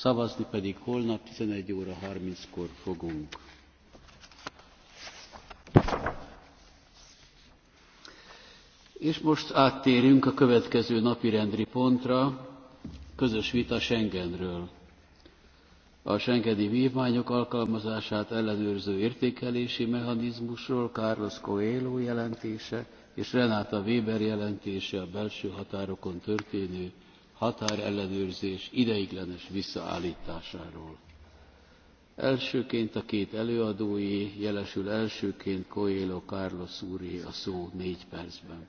szavazni pedig holnap 11 óra 30-kor fogunk. És most áttérünk a következő napirendi pontra, közös vita Schengenről. A Schengeni vívmányok alkalmazását ellenőrző értékelési mechanizmusról Carlos Coelho jelentése és Renáta Weber jelentése a belső határokon történő határellenőrzés ideiglenes visszaállításáról. Elsőként a két előadói, jelesül elsőként Coelho Carlos úré a szó négy percben.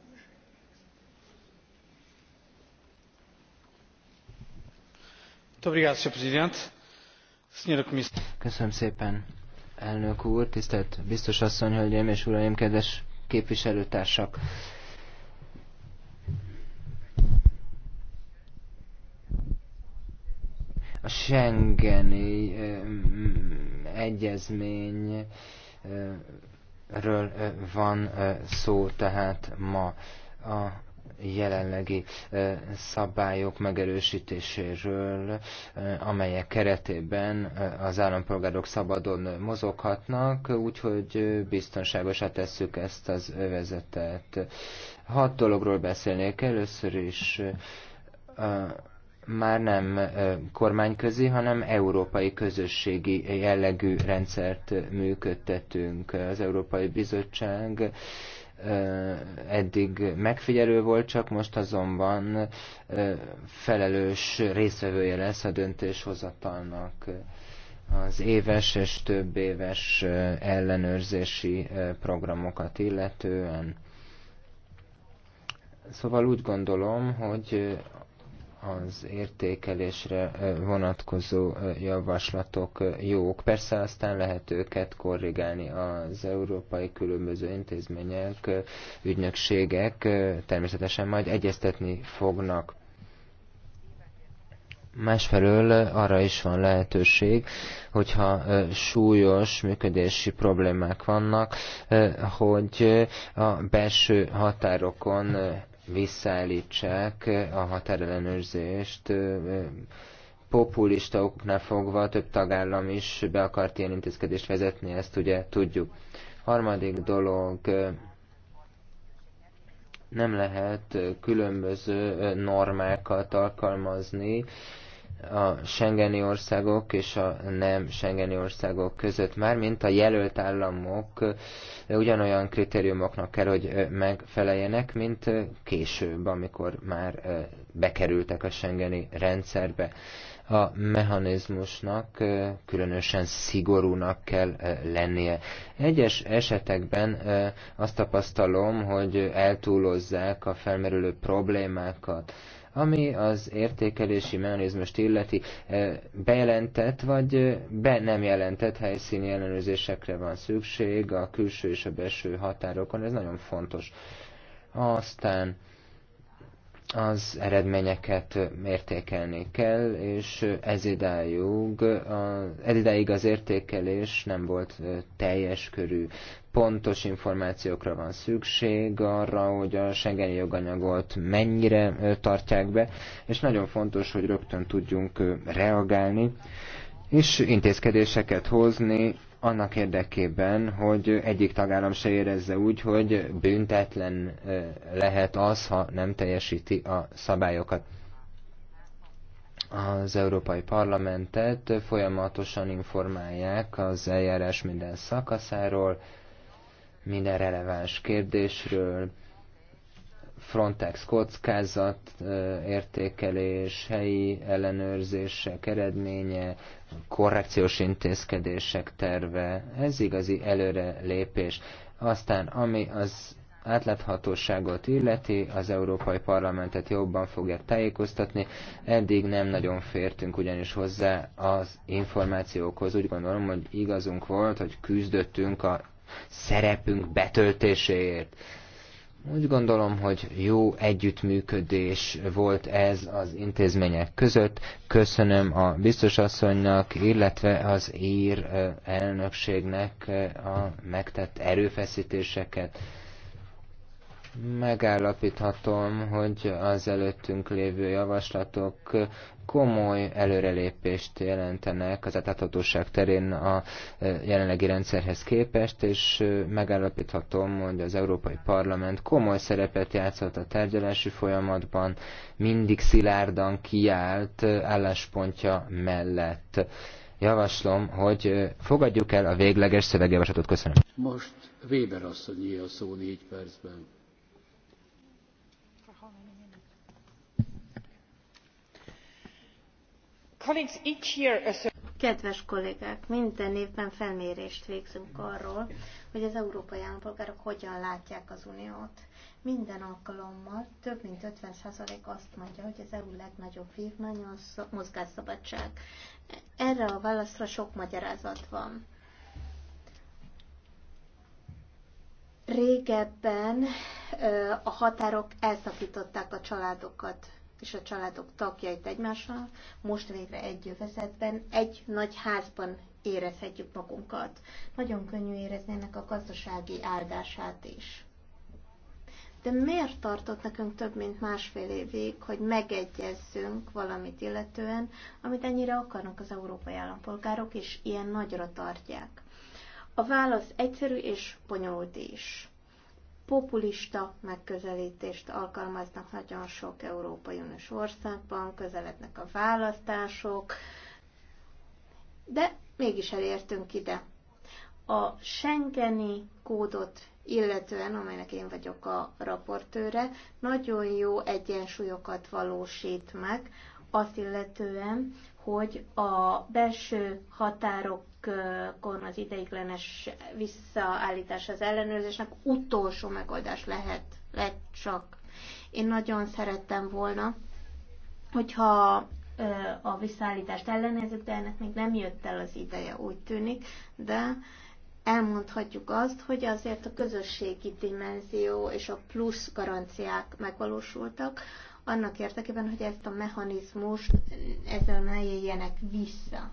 Köszönöm szépen, elnök úr, tisztelt biztos asszony, hölgyeim és uraim, kedves képviselőtársak! a Schengeni mm, egyezményről van szó tehát ma a jelenlegi szabályok megerősítéséről, amelyek keretében az állampolgárok szabadon mozoghatnak, úgyhogy biztonságosan tesszük ezt az övezetet. Hat dologról beszélnék először is már nem kormányközi, hanem európai közösségi jellegű rendszert működtetünk. Az Európai Bizottság eddig megfigyelő volt, csak most azonban felelős részvevője lesz a döntéshozatalnak az éves és több éves ellenőrzési programokat illetően. Szóval úgy gondolom, hogy az értékelésre vonatkozó javaslatok jók. Persze aztán lehet őket korrigálni az európai különböző intézmények, ügynökségek természetesen majd egyeztetni fognak. Másfelől arra is van lehetőség, hogyha súlyos működési problémák vannak, hogy a belső határokon visszaállítsák a határellenőrzést. Populista okoknál fogva több tagállam is be akart ilyen intézkedést vezetni, ezt ugye tudjuk. Harmadik dolog, nem lehet különböző normákat alkalmazni a Schengeni országok és a nem Schengeni országok között, már mint a jelölt államok ugyanolyan kritériumoknak kell, hogy megfeleljenek, mint később, amikor már bekerültek a Schengeni rendszerbe. A mechanizmusnak különösen szigorúnak kell lennie. Egyes esetekben azt tapasztalom, hogy eltúlozzák a felmerülő problémákat ami az értékelési mechanizmust illeti, eh, bejelentett vagy eh, be nem jelentett helyszíni ellenőrzésekre van szükség a külső és a belső határokon, ez nagyon fontos. Aztán az eredményeket mértékelni kell, és ez idáig, ez idáig az értékelés nem volt eh, teljes körű pontos információkra van szükség arra, hogy a Schengeni joganyagot mennyire tartják be, és nagyon fontos, hogy rögtön tudjunk reagálni, és intézkedéseket hozni annak érdekében, hogy egyik tagállam se érezze úgy, hogy büntetlen lehet az, ha nem teljesíti a szabályokat az Európai Parlamentet folyamatosan informálják az eljárás minden szakaszáról, minden releváns kérdésről, Frontex kockázat értékelés, helyi ellenőrzések eredménye, korrekciós intézkedések terve, ez igazi előre lépés. Aztán ami az átláthatóságot illeti, az Európai Parlamentet jobban fogják tájékoztatni. Eddig nem nagyon fértünk ugyanis hozzá az információkhoz. Úgy gondolom, hogy igazunk volt, hogy küzdöttünk a szerepünk betöltéséért. Úgy gondolom, hogy jó együttműködés volt ez az intézmények között. Köszönöm a biztosasszonynak, illetve az ír elnökségnek a megtett erőfeszítéseket. Megállapíthatom, hogy az előttünk lévő javaslatok komoly előrelépést jelentenek az átláthatóság terén a e, jelenlegi rendszerhez képest, és e, megállapíthatom, hogy az Európai Parlament komoly szerepet játszott a tárgyalási folyamatban, mindig szilárdan kiállt e, álláspontja mellett. Javaslom, hogy fogadjuk el a végleges szövegjavaslatot. Köszönöm. Most Weber asszonyé a szó négy percben. Kedves kollégák, minden évben felmérést végzünk arról, hogy az európai állampolgárok hogyan látják az uniót. Minden alkalommal több mint 50% azt mondja, hogy az EU legnagyobb vívmánya a mozgásszabadság. Erre a válaszra sok magyarázat van. Régebben a határok elszakították a családokat és a családok tagjait egymással, most végre egy övezetben, egy nagy házban érezhetjük magunkat. Nagyon könnyű érezni ennek a gazdasági áldását is. De miért tartott nekünk több mint másfél évig, hogy megegyezzünk valamit illetően, amit ennyire akarnak az európai állampolgárok, és ilyen nagyra tartják? A válasz egyszerű és bonyolult is populista megközelítést alkalmaznak nagyon sok Európai Uniós országban, közelednek a választások, de mégis elértünk ide. A Schengeni kódot illetően, amelynek én vagyok a raportőre, nagyon jó egyensúlyokat valósít meg azt illetően, hogy a belső határokon az ideiglenes visszaállítás az ellenőrzésnek utolsó megoldás lehet, lehet csak. Én nagyon szerettem volna, hogyha a visszaállítást ellenezzük, de ennek még nem jött el az ideje, úgy tűnik, de elmondhatjuk azt, hogy azért a közösségi dimenzió és a plusz garanciák megvalósultak, annak érdekében, hogy ezt a mechanizmust ezzel ne éljenek vissza.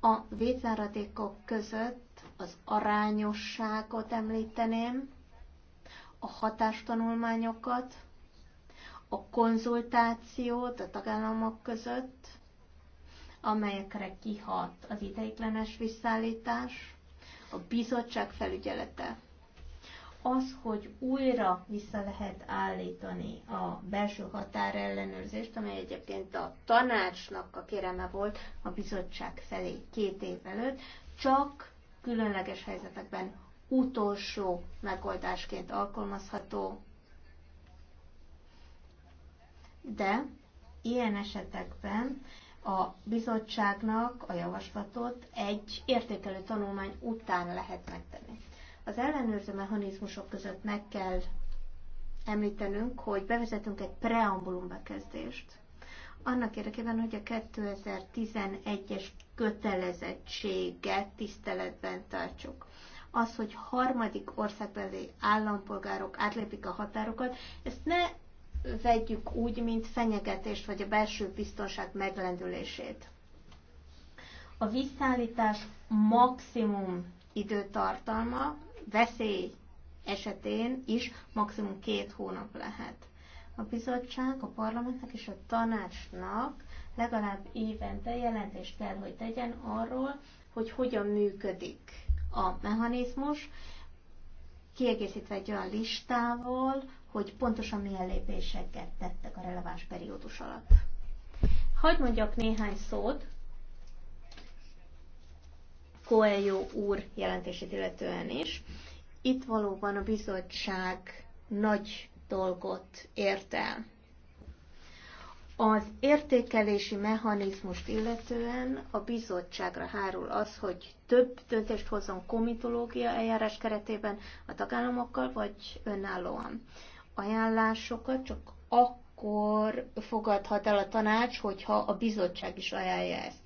A vétváradékok között az arányosságot említeném, a hatástanulmányokat, a konzultációt a tagállamok között, amelyekre kihat az ideiglenes visszaállítás, a bizottság felügyelete az, hogy újra vissza lehet állítani a belső határellenőrzést, amely egyébként a tanácsnak a kéreme volt a bizottság felé két év előtt, csak különleges helyzetekben utolsó megoldásként alkalmazható. De ilyen esetekben a bizottságnak a javaslatot egy értékelő tanulmány után lehet megtenni. Az ellenőrző mechanizmusok között meg kell említenünk, hogy bevezetünk egy preambulum bekezdést. Annak érdekében, hogy a 2011-es kötelezettséget tiszteletben tartsuk. Az, hogy harmadik országbeli állampolgárok átlépik a határokat, ezt ne vegyük úgy, mint fenyegetést vagy a belső biztonság meglendülését. A visszaállítás maximum időtartalma veszély esetén is maximum két hónap lehet. A bizottság, a parlamentnek és a tanácsnak legalább évente jelentést kell, hogy tegyen arról, hogy hogyan működik a mechanizmus, kiegészítve egy olyan listával, hogy pontosan milyen lépéseket tettek a releváns periódus alatt. Hagy mondjak néhány szót Coelho úr jelentését illetően is. Itt valóban a bizottság nagy dolgot ért el. Az értékelési mechanizmust illetően a bizottságra hárul az, hogy több döntést hozzon komitológia eljárás keretében a tagállamokkal, vagy önállóan. Ajánlásokat csak akkor fogadhat el a tanács, hogyha a bizottság is ajánlja ezt.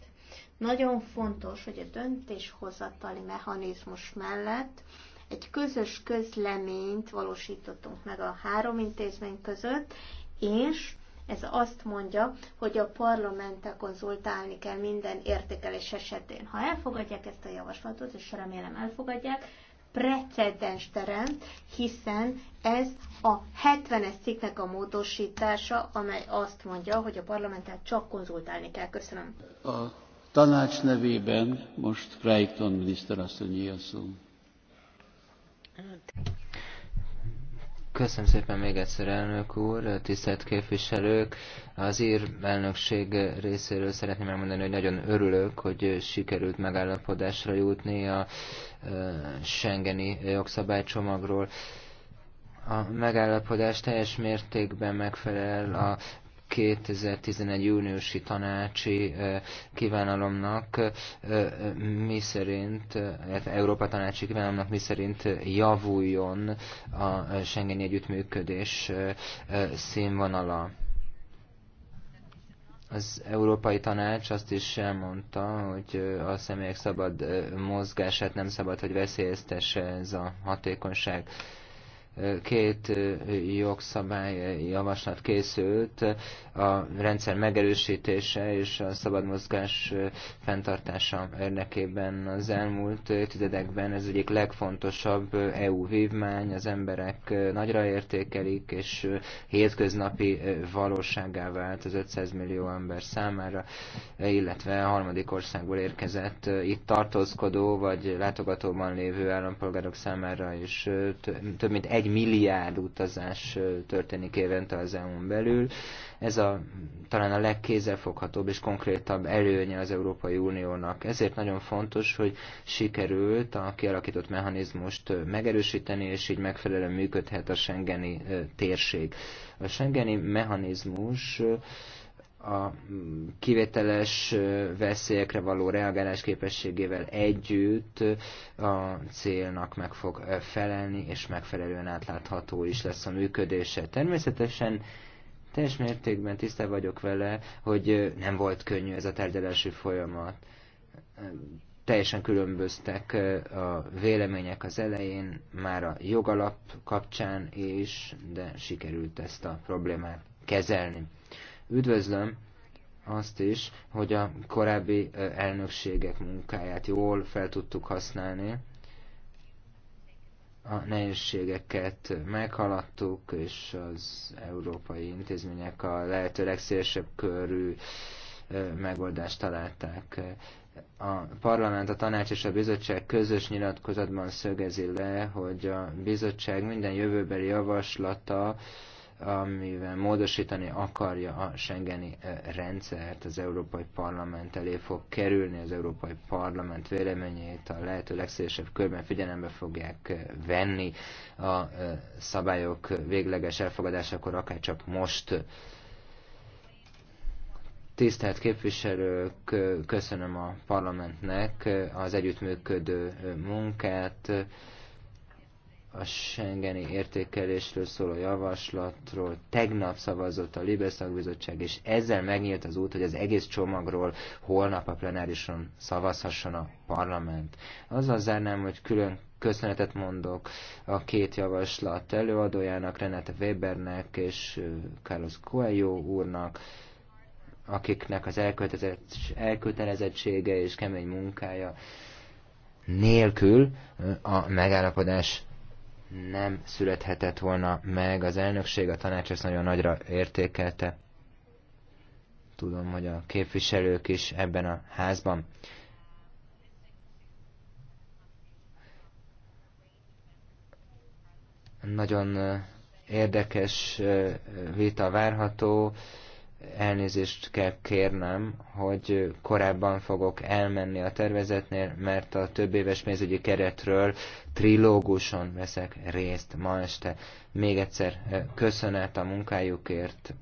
Nagyon fontos, hogy a döntéshozatali mechanizmus mellett egy közös közleményt valósítottunk meg a három intézmény között, és ez azt mondja, hogy a parlamente konzultálni kell minden értékelés esetén. Ha elfogadják ezt a javaslatot, és remélem elfogadják, precedens teremt, hiszen ez a 70-es cikknek a módosítása, amely azt mondja, hogy a parlamenttel csak konzultálni kell. Köszönöm. A tanács nevében most miniszter asszony a szó. Köszönöm szépen még egyszer, elnök úr, tisztelt képviselők! Az ír elnökség részéről szeretném elmondani, hogy nagyon örülök, hogy sikerült megállapodásra jutni a Schengeni jogszabálycsomagról a megállapodás teljes mértékben megfelel a 2011 júniusi tanácsi kívánalomnak, mi szerint, Európa tanácsi kívánalomnak mi szerint javuljon a Schengeni együttműködés színvonala az Európai Tanács azt is elmondta, hogy a személyek szabad mozgását nem szabad, hogy veszélyeztesse ez a hatékonyság két jogszabály javaslat készült, a rendszer megerősítése és a szabad mozgás fenntartása érdekében az elmúlt évtizedekben ez egyik legfontosabb EU vívmány, az emberek nagyra értékelik, és hétköznapi valóságá vált az 500 millió ember számára, illetve a harmadik országból érkezett itt tartózkodó vagy látogatóban lévő állampolgárok számára is több mint egy egy milliárd utazás történik évente az EU-n belül. Ez a, talán a legkézzelfoghatóbb és konkrétabb előnye az Európai Uniónak. Ezért nagyon fontos, hogy sikerült a kialakított mechanizmust megerősíteni, és így megfelelően működhet a Schengeni térség. A Schengeni mechanizmus a kivételes veszélyekre való reagálás képességével együtt a célnak meg fog felelni, és megfelelően átlátható is lesz a működése. Természetesen teljes mértékben tisztá vagyok vele, hogy nem volt könnyű ez a tárgyalási folyamat. Teljesen különböztek a vélemények az elején, már a jogalap kapcsán is, de sikerült ezt a problémát kezelni. Üdvözlöm azt is, hogy a korábbi elnökségek munkáját jól fel tudtuk használni, a nehézségeket meghaladtuk, és az európai intézmények a lehető legszélesebb körű megoldást találták. A parlament, a tanács és a bizottság közös nyilatkozatban szögezi le, hogy a bizottság minden jövőbeli javaslata amivel módosítani akarja a Schengeni eh, rendszert, az Európai Parlament elé fog kerülni, az Európai Parlament véleményét a lehető legszélesebb körben figyelembe fogják eh, venni a eh, szabályok végleges elfogadásakor, akár csak most. Tisztelt képviselők, köszönöm a parlamentnek az együttműködő munkát, a Schengeni értékelésről szóló javaslatról tegnap szavazott a Libe és ezzel megnyílt az út, hogy az egész csomagról holnap a plenárison szavazhasson a parlament. Azzal zárnám, hogy külön köszönetet mondok a két javaslat előadójának, Renate Webernek és Carlos Coelho úrnak, akiknek az elkötelezettsége és kemény munkája nélkül a megállapodás nem születhetett volna meg. Az elnökség, a tanács ezt nagyon nagyra értékelte. Tudom, hogy a képviselők is ebben a házban. Nagyon érdekes vita várható elnézést kell kérnem, hogy korábban fogok elmenni a tervezetnél, mert a több éves pénzügyi keretről trilóguson veszek részt ma este. Még egyszer eh, köszönet a munkájukért.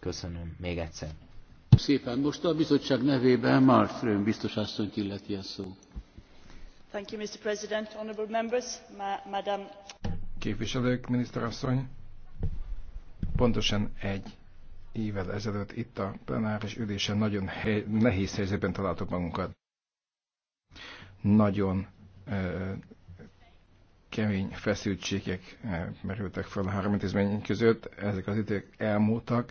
Köszönöm még egyszer. Szépen. Most a bizottság nevében Malmström biztos asszonyt illeti a szó. Thank you, Mr. President, honorable members, ma- madam. Képviselők, miniszterasszony, pontosan egy évvel ezelőtt itt a plenáris ülésen nagyon hely, nehéz helyzetben találtuk magunkat. Nagyon ö, kemény feszültségek ö, merültek fel a három intézmény között, ezek az idők elmúltak,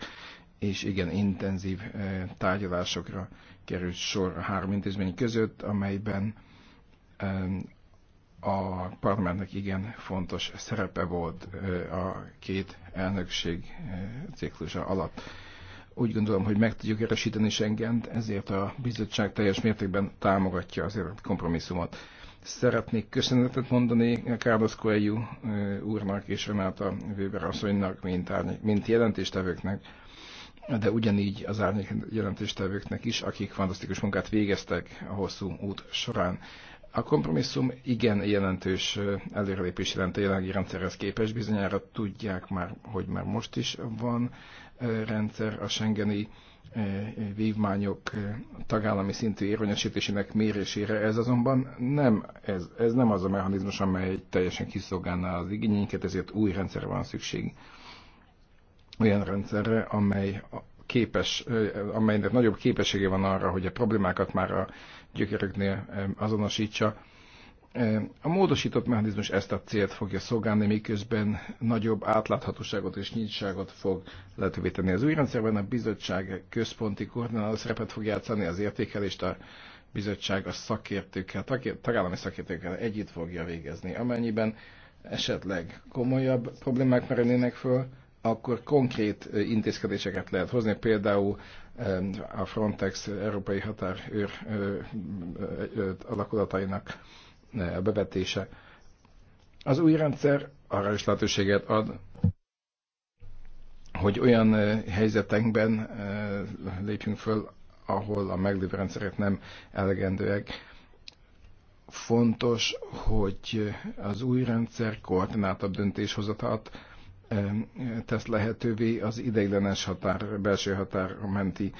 és igen intenzív ö, tárgyalásokra került sor a három intézmény között, amelyben a parlamentnek igen fontos szerepe volt a két elnökség ciklusa alatt. Úgy gondolom, hogy meg tudjuk erősíteni Schengent, ezért a bizottság teljes mértékben támogatja azért a kompromisszumot. Szeretnék köszönetet mondani Carlos Coelho úrnak és Renáta Weber asszonynak, mint, árny- mint jelentéstevőknek, de ugyanígy az árnyék jelentéstevőknek is, akik fantasztikus munkát végeztek a hosszú út során. A kompromisszum igen jelentős előrelépés jelent a jelenlegi rendszerhez képest. Bizonyára tudják már, hogy már most is van rendszer a Schengeni vívmányok tagállami szintű érvényesítésének mérésére. Ez azonban nem, ez, ez nem az a mechanizmus, amely teljesen kiszolgálná az igényeinket, ezért új rendszerre van szükség. Olyan rendszerre, amely képes, amelynek nagyobb képessége van arra, hogy a problémákat már a gyökereknél azonosítsa. A módosított mechanizmus ezt a célt fogja szolgálni, miközben nagyobb átláthatóságot és nyitságot fog lehetővé tenni. Az új rendszerben a bizottság központi koordináló szerepet fog játszani, az értékelést a bizottság a szakértőkkel, tagállami szakértőkkel együtt fogja végezni. Amennyiben esetleg komolyabb problémák merülnének föl, akkor konkrét intézkedéseket lehet hozni, például a Frontex európai határőr alakulatainak a bevetése. Az új rendszer arra is lehetőséget ad, hogy olyan helyzetekben lépjünk föl, ahol a meglévő rendszerek nem elegendőek. Fontos, hogy az új rendszer koordináltabb döntéshozatát tesz lehetővé az ideiglenes határ, belső határ menti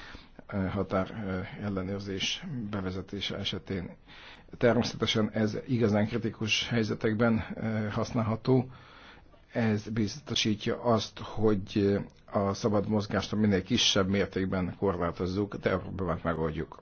eh, határ eh, ellenőrzés bevezetése esetén. Természetesen ez igazán kritikus helyzetekben eh, használható. Ez biztosítja azt, hogy a szabad mozgást minél kisebb mértékben korlátozzuk, de problémát megoldjuk.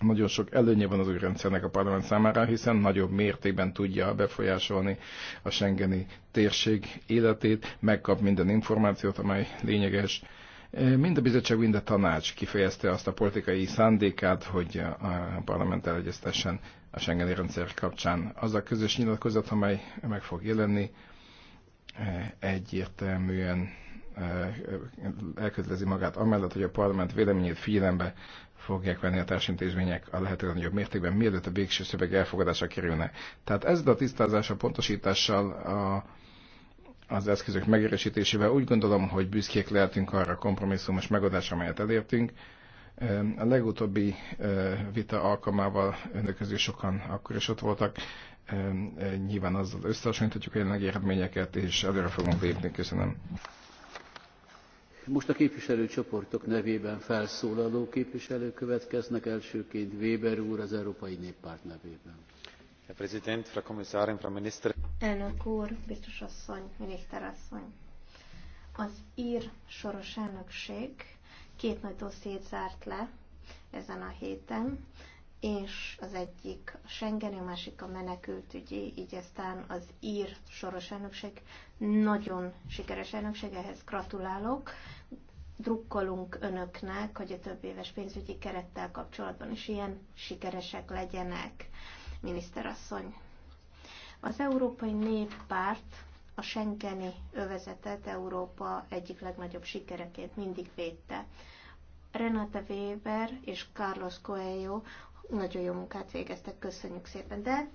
Nagyon sok előnye van az új rendszernek a parlament számára, hiszen nagyobb mértékben tudja befolyásolni a Schengeni térség életét, megkap minden információt, amely lényeges. E, mind a bizottság, mind a tanács kifejezte azt a politikai szándékát, hogy a parlament elegyeztessen a Schengeni rendszer kapcsán. Az a közös nyilatkozat, amely meg fog jelenni, e, egyértelműen e, elkötelezi magát amellett, hogy a parlament véleményét figyelembe fogják venni a társintézmények a lehető legnagyobb mértékben, mielőtt a végső szöveg elfogadása kerülne. Tehát ezzel a tisztázással, pontosítással, a, az eszközök megerősítésével úgy gondolom, hogy büszkék lehetünk arra a kompromisszumos megoldásra, amelyet elértünk. A legutóbbi vita alkalmával önök közül sokan akkor is ott voltak. Nyilván azzal összehasonlíthatjuk a jelenlegi eredményeket, és előre fogunk lépni. Köszönöm. Most a képviselőcsoportok nevében felszólaló képviselők következnek, elsőként Weber úr az Európai Néppárt nevében. Herr Präsident, Frau Kommissarin, Frau Minister. Elnök úr, biztos asszony, miniszterasszony. Az ír soros elnökség két nagy dossziét zárt le ezen a héten, és az egyik a Schengen, a másik a menekültügyi, így aztán az ír soros elnökség nagyon sikeres elnökség, ehhez gratulálok drukkolunk önöknek, hogy a több éves pénzügyi kerettel kapcsolatban is ilyen sikeresek legyenek, miniszterasszony. Az Európai Néppárt a Schengeni övezetet Európa egyik legnagyobb sikereként mindig védte. Renate Weber és Carlos Coelho nagyon jó munkát végeztek, köszönjük szépen, de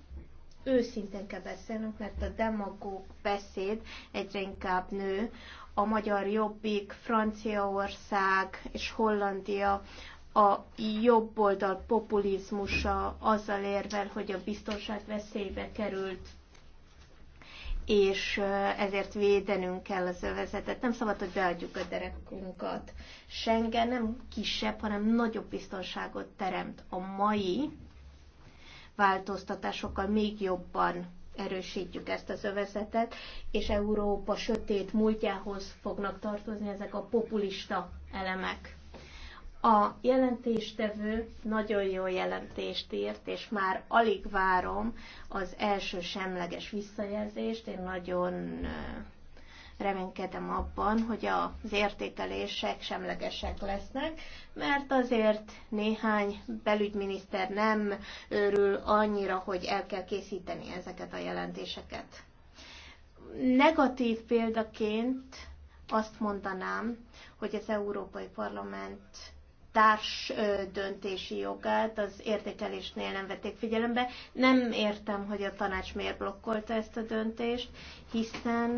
őszintén kell beszélnünk, mert a demagóg beszéd egyre inkább nő, a magyar jobbik, Franciaország és Hollandia a jobboldal populizmusa azzal érvel, hogy a biztonság veszélybe került, és ezért védenünk kell az övezetet. Nem szabad, hogy beadjuk a derekunkat. Schengen nem kisebb, hanem nagyobb biztonságot teremt. A mai változtatásokkal még jobban erősítjük ezt az övezetet, és Európa sötét múltjához fognak tartozni ezek a populista elemek. A jelentéstevő nagyon jó jelentést írt, és már alig várom az első semleges visszajelzést. Én nagyon reménykedem abban, hogy az értékelések semlegesek lesznek, mert azért néhány belügyminiszter nem örül annyira, hogy el kell készíteni ezeket a jelentéseket. Negatív példaként azt mondanám, hogy az Európai Parlament társ döntési jogát az értékelésnél nem vették figyelembe. Nem értem, hogy a tanács miért blokkolta ezt a döntést, hiszen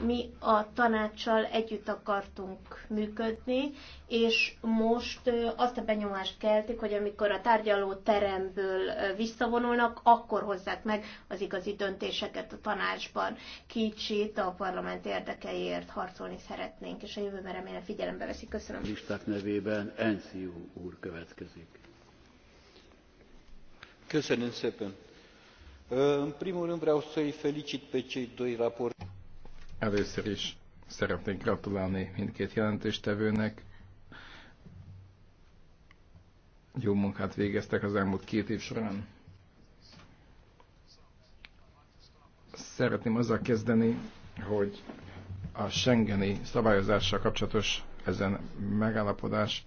mi a tanácssal együtt akartunk működni, és most azt a benyomást keltik, hogy amikor a tárgyaló teremből visszavonulnak, akkor hozzák meg az igazi döntéseket a tanácsban. Kicsit a parlament érdekeiért harcolni szeretnénk, és a jövőben remélem figyelembe veszik. Köszönöm. A listák nevében Enciu úr következik. Köszönöm szépen În primul rând vreau să îi felicit pe cei doi raportori. Először is szeretnék gratulálni mindkét jelentéstevőnek. Jó munkát végeztek az elmúlt két év során. Szeretném azzal kezdeni, hogy a Schengeni szabályozással kapcsolatos ezen megállapodás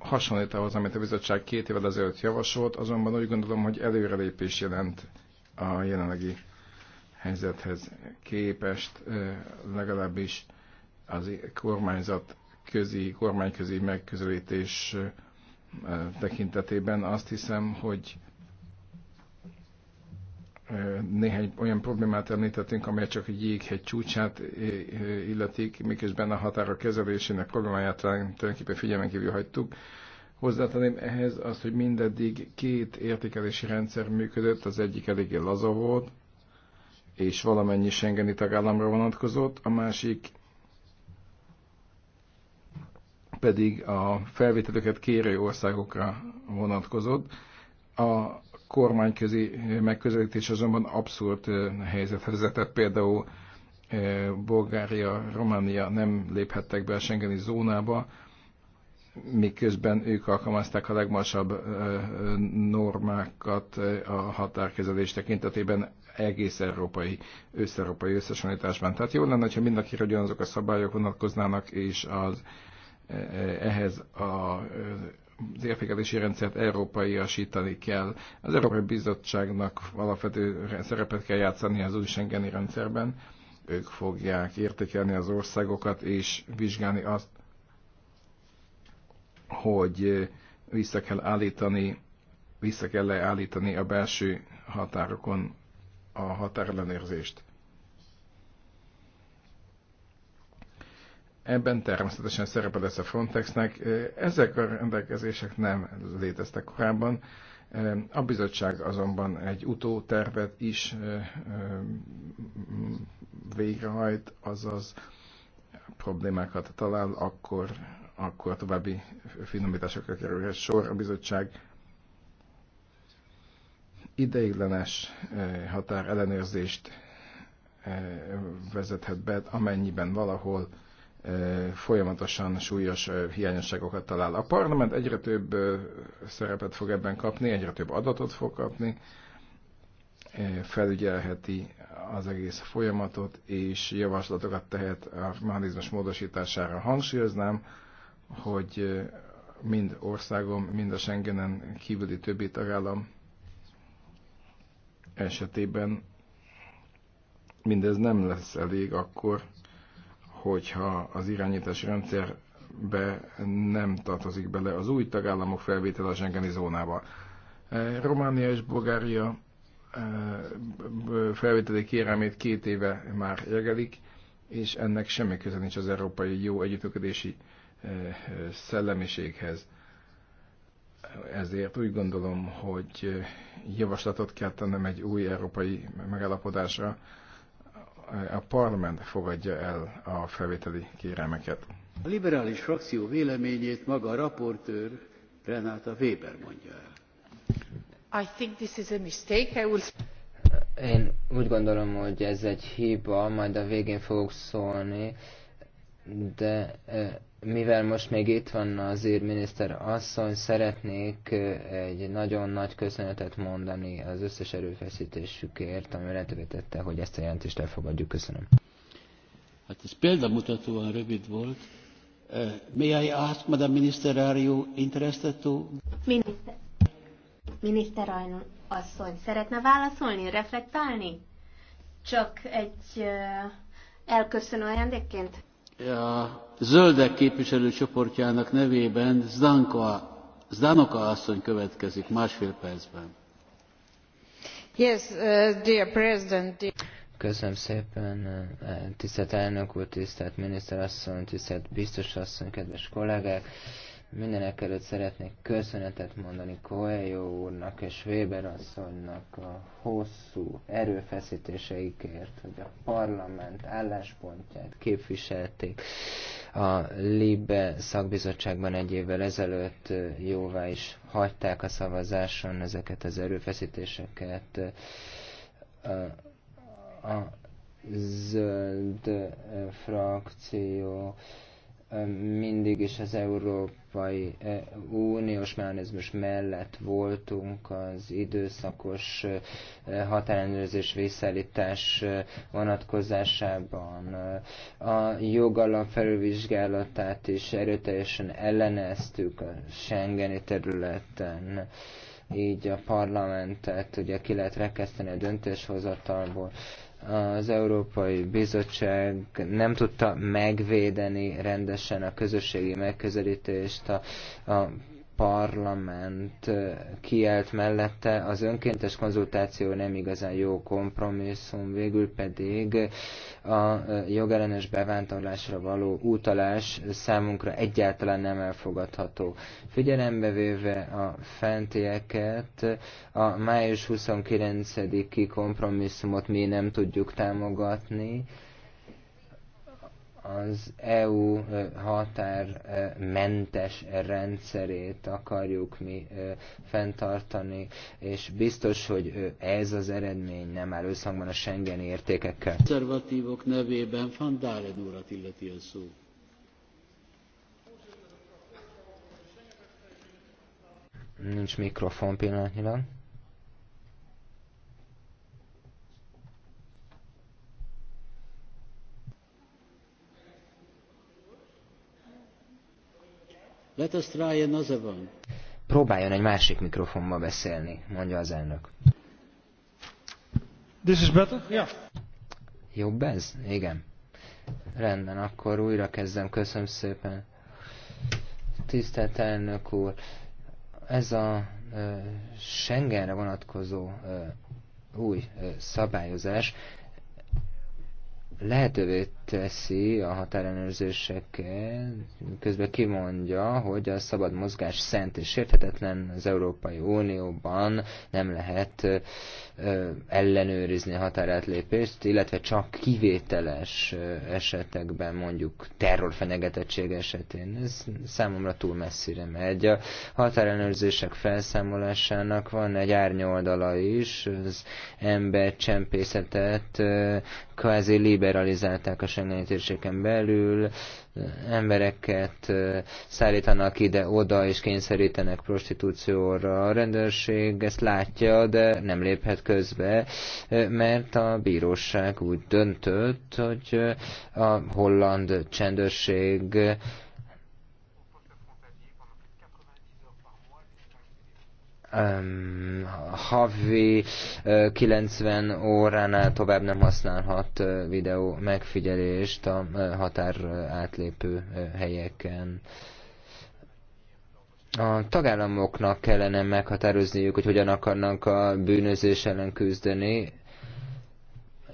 hasonlít ahhoz, amit a bizottság két évvel ezelőtt javasolt, azonban úgy gondolom, hogy előrelépés jelent a jelenlegi helyzethez képest, legalábbis az kormányzat közi, kormányközi megközelítés tekintetében azt hiszem, hogy néhány olyan problémát említettünk, amely csak a jéghegy csúcsát illetik, miközben a határok kezelésének problémáját tulajdonképpen figyelmen kívül hagytuk. Hozzátenném ehhez azt, hogy mindeddig két értékelési rendszer működött, az egyik eléggé laza volt, és valamennyi Schengeni tagállamra vonatkozott, a másik pedig a felvételeket kérő országokra vonatkozott. A kormányközi megközelítés azonban abszurd helyzethez vezetett. Például Bulgária, Románia nem léphettek be a Schengeni zónába, miközben ők alkalmazták a legmasabb normákat a határkezelés tekintetében egész európai, összeurópai összehasonlításban. Tehát jó lenne, ha mindenkire ugyanazok a szabályok vonatkoznának, és az ehhez a az értékelési rendszert európaiasítani kell. Az Európai Bizottságnak alapvető szerepet kell játszani az új Schengeni rendszerben. Ők fogják értékelni az országokat és vizsgálni azt, hogy vissza kell állítani, vissza kell leállítani a belső határokon a határellenőrzést. Ebben természetesen szerepe lesz a Frontexnek. Ezek a rendelkezések nem léteztek korábban. A bizottság azonban egy utótervet is végrehajt, azaz problémákat talál, akkor, akkor a további finomításokra kerülhet sor. A bizottság ideiglenes határellenőrzést vezethet be, amennyiben valahol folyamatosan súlyos hiányosságokat talál. A parlament egyre több szerepet fog ebben kapni, egyre több adatot fog kapni, felügyelheti az egész folyamatot, és javaslatokat tehet a mechanizmus módosítására. Hangsúlyoznám, hogy mind országom, mind a Schengenen kívüli többi tagállam esetében mindez nem lesz elég akkor, hogyha az irányítási rendszerbe nem tartozik bele az új tagállamok felvétel a Schengeni zónába. E, Románia és Bulgária e, felvételi kérelmét két éve már jegelik, és ennek semmi köze nincs az európai jó együttműködési e, szellemiséghez. Ezért úgy gondolom, hogy javaslatot kell tennem egy új európai megállapodásra, a parlament fogadja el a felvételi kérelmeket. A liberális frakció véleményét maga a raportőr Renáta Weber mondja el. I think this is a mistake. I will... Én úgy gondolom, hogy ez egy hiba, majd a végén fogok szólni, de mivel most még itt van az írminiszter asszony, szeretnék egy nagyon nagy köszönetet mondani az összes erőfeszítésükért, ami lehetővé tette, hogy ezt a jelentést elfogadjuk. Köszönöm. Hát ez példamutatóan rövid volt. Uh, may I ask, Madam Minister, are you interested to... Miniszter, miniszter asszony, szeretne válaszolni, reflektálni? Csak egy uh, elköszönő ajándékként? a zöldek képviselőcsoportjának nevében Zdanka, Zdanoka asszony következik másfél percben. Yes, uh, dear President. Dear... Köszönöm szépen, uh, tisztelt elnök úr, tisztelt miniszterasszony, tisztelt biztos asszony, kedves kollégák! Mindenek előtt szeretnék köszönetet mondani Coelho úrnak és Weber asszonynak a hosszú erőfeszítéseikért, hogy a parlament álláspontját képviselték. A LIBE szakbizottságban egy évvel ezelőtt jóvá is hagyták a szavazáson ezeket az erőfeszítéseket. A zöld frakció mindig is az Európa Európai eh, Uniós mechanizmus mellett voltunk az időszakos eh, határendőrzés visszaállítás eh, vonatkozásában. A jogalap felülvizsgálatát is erőteljesen elleneztük a Schengeni területen így a parlamentet ugye ki lehet rekeszteni a döntéshozatalból az Európai Bizottság nem tudta megvédeni rendesen a közösségi megközelítést a, a parlament kiált mellette, az önkéntes konzultáció nem igazán jó kompromisszum, végül pedig a jogellenes bevándorlásra való utalás számunkra egyáltalán nem elfogadható. Figyelembe véve a fentieket, a május 29-i kompromisszumot mi nem tudjuk támogatni, az EU határmentes rendszerét akarjuk mi fenntartani, és biztos, hogy ez az eredmény nem áll összhangban a Schengen értékekkel. Konzervatívok nevében Van Dálen urat illeti a szó. Nincs mikrofon pillanatnyilag. Let us try another one. Próbáljon egy másik mikrofonba beszélni, mondja az elnök. This is better? Yeah. Jobb ez? Igen. Rendben, akkor újra kezdem. Köszönöm szépen. Tisztelt elnök úr, ez a ö, Schengenre vonatkozó ö, új ö, szabályozás lehetővé teszi a határellenőrzéseket, közben kimondja, hogy a szabad mozgás szent és érthetetlen az Európai Unióban nem lehet ellenőrizni a határátlépést, illetve csak kivételes esetekben, mondjuk terrorfenyegetettség esetén. Ez számomra túl messzire megy. A határellenőrzések felszámolásának van egy árnyoldala is, az ember csempészetet kvázi liberalizálták a Schengeni térségen belül, embereket szállítanak ide-oda és kényszerítenek prostitúcióra. A rendőrség ezt látja, de nem léphet közbe, mert a bíróság úgy döntött, hogy a holland csendőrség um, havi uh, 90 óránál tovább nem használhat uh, videó megfigyelést a uh, határ átlépő helyeken. A tagállamoknak kellene meghatározniuk, hogy hogyan akarnak a bűnözés ellen küzdeni,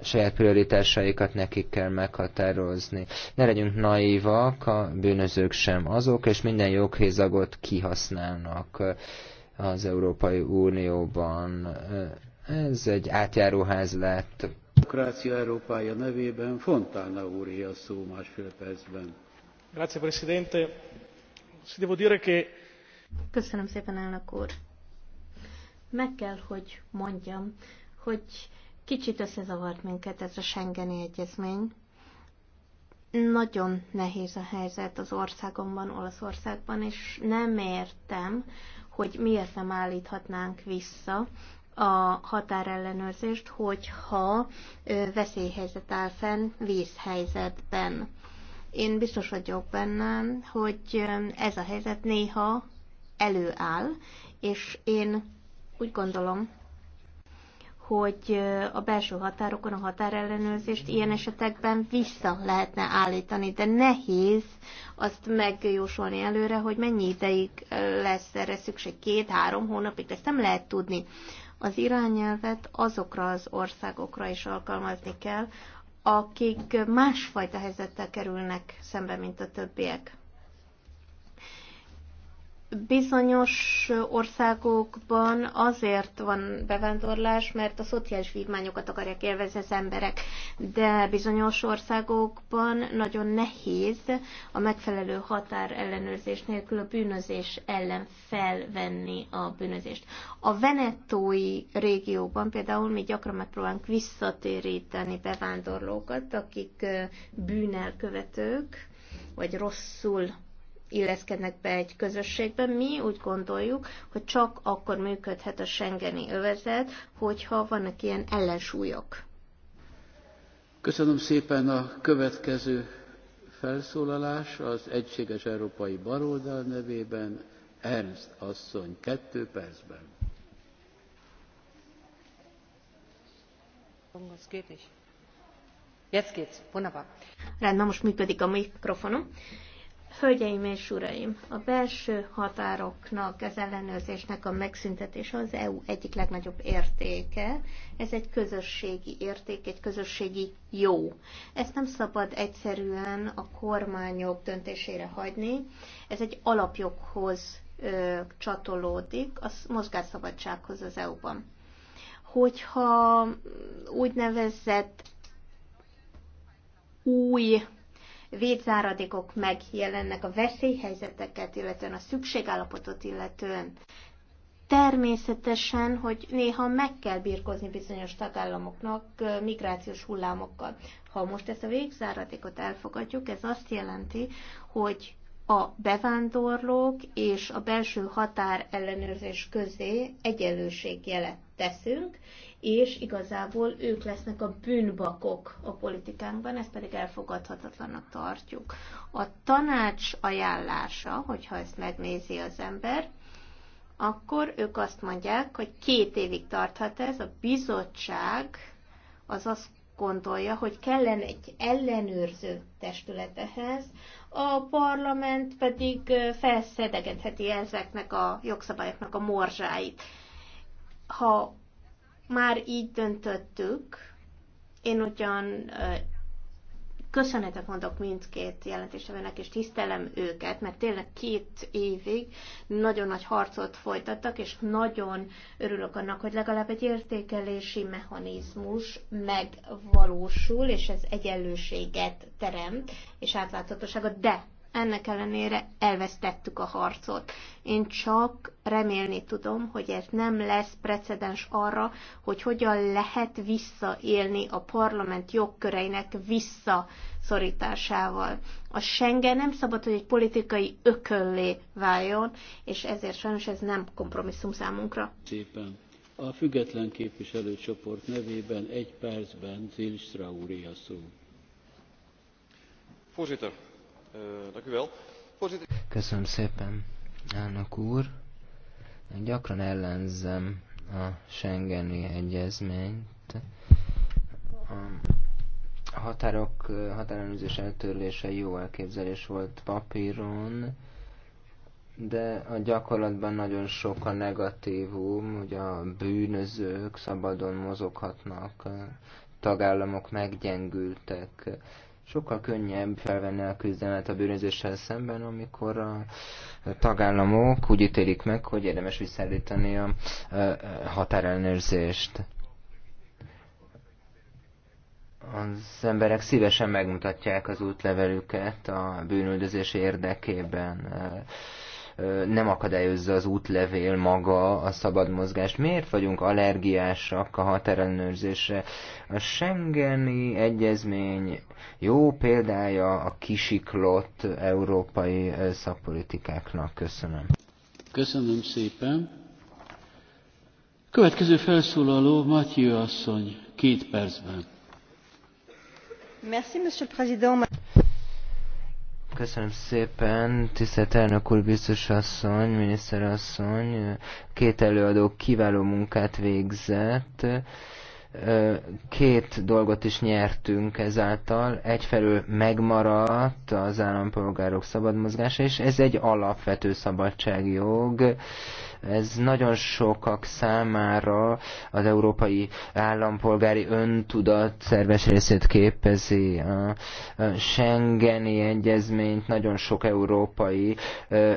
saját prioritásaikat nekik kell meghatározni. Ne legyünk naívak, a bűnözők sem azok, és minden joghézagot kihasználnak az Európai Unióban. Ez egy átjáróház lett. Demokrácia Európája nevében Fontana úr a szó másfél percben. Grazie Presidente. Si devo dire che... Köszönöm szépen, elnök úr. Meg kell, hogy mondjam, hogy kicsit összezavart minket ez a Schengeni egyezmény. Nagyon nehéz a helyzet az országomban, Olaszországban, és nem értem, hogy miért nem állíthatnánk vissza a határellenőrzést, hogyha veszélyhelyzet áll fenn vízhelyzetben. Én biztos vagyok benne, hogy ez a helyzet néha előáll, és én úgy gondolom, hogy a belső határokon a határellenőrzést ilyen esetekben vissza lehetne állítani, de nehéz azt megjósolni előre, hogy mennyi ideig lesz erre szükség, két-három hónapig, ezt nem lehet tudni. Az irányelvet azokra az országokra is alkalmazni kell, akik másfajta helyzettel kerülnek szembe, mint a többiek bizonyos országokban azért van bevándorlás, mert a szociális vívmányokat akarják élvezni az emberek, de bizonyos országokban nagyon nehéz a megfelelő határellenőrzés nélkül a bűnözés ellen felvenni a bűnözést. A venetói régióban például mi gyakran megpróbálunk visszatéríteni bevándorlókat, akik bűnelkövetők, vagy rosszul illeszkednek be egy közösségben. Mi úgy gondoljuk, hogy csak akkor működhet a Schengeni övezet, hogyha vannak ilyen ellensúlyok. Köszönöm szépen a következő felszólalás az Egységes Európai Baroldal nevében Ernst asszony kettő percben. Jetzt geht's. Wunderbar. Rendben, most működik a mikrofonom. Hölgyeim és uraim, a belső határoknak, az ellenőrzésnek a megszüntetése az EU egyik legnagyobb értéke. Ez egy közösségi érték, egy közösségi jó. Ezt nem szabad egyszerűen a kormányok döntésére hagyni. Ez egy alapjoghoz ö, csatolódik, a mozgásszabadsághoz az EU-ban. Hogyha úgynevezett új védzáradékok megjelennek a veszélyhelyzeteket, illetően a szükségállapotot illetően. Természetesen, hogy néha meg kell birkozni bizonyos tagállamoknak migrációs hullámokkal. Ha most ezt a végzáradékot elfogadjuk, ez azt jelenti, hogy a bevándorlók és a belső határ ellenőrzés közé egyenlőségjelet teszünk, és igazából ők lesznek a bűnbakok a politikánkban, ezt pedig elfogadhatatlannak tartjuk. A tanács ajánlása, hogyha ezt megnézi az ember, akkor ők azt mondják, hogy két évig tarthat ez, a bizottság az azt gondolja, hogy kellene egy ellenőrző testület ehhez, a parlament pedig felszedegetheti ezeknek a jogszabályoknak a morzsáit. Ha már így döntöttük. Én ugyan köszönetet mondok mindkét jelentéstevőnek, és tisztelem őket, mert tényleg két évig nagyon nagy harcot folytattak, és nagyon örülök annak, hogy legalább egy értékelési mechanizmus megvalósul, és ez egyenlőséget teremt, és átláthatóságot, de ennek ellenére elvesztettük a harcot. Én csak remélni tudom, hogy ez nem lesz precedens arra, hogy hogyan lehet visszaélni a parlament jogköreinek visszaszorításával. A Schengen nem szabad, hogy egy politikai ököllé váljon, és ezért sajnos ez nem kompromisszum számunkra. Szépen. A független képviselőcsoport nevében egy percben Zilstra úr szó. Voorzitter, Eh, Köszönöm szépen, elnök úr. Gyakran ellenzem a Schengeni egyezményt. A határok, határelőzés eltörlése jó elképzelés volt papíron, de a gyakorlatban nagyon sok a negatívum, hogy a bűnözők szabadon mozoghatnak, tagállamok meggyengültek, sokkal könnyebb felvenni a küzdelmet a bűnözéssel szemben, amikor a tagállamok úgy ítélik meg, hogy érdemes visszaállítani a határelnőrzést. Az emberek szívesen megmutatják az útlevelüket a bűnöldözés érdekében nem akadályozza az útlevél maga a szabad mozgást. Miért vagyunk allergiásak a határellenőrzésre? A Schengeni egyezmény jó példája a kisiklott európai szakpolitikáknak. Köszönöm. Köszönöm szépen. Következő felszólaló Matthieu asszony, két percben. Merci, Monsieur le Président. Köszönöm szépen, tisztelt elnök úr, biztos asszony, miniszter asszony. Két előadó kiváló munkát végzett. Két dolgot is nyertünk ezáltal. Egyfelől megmaradt az állampolgárok szabad mozgása, és ez egy alapvető szabadságjog ez nagyon sokak számára az európai állampolgári öntudat szerves részét képezi. A Schengeni egyezményt nagyon sok európai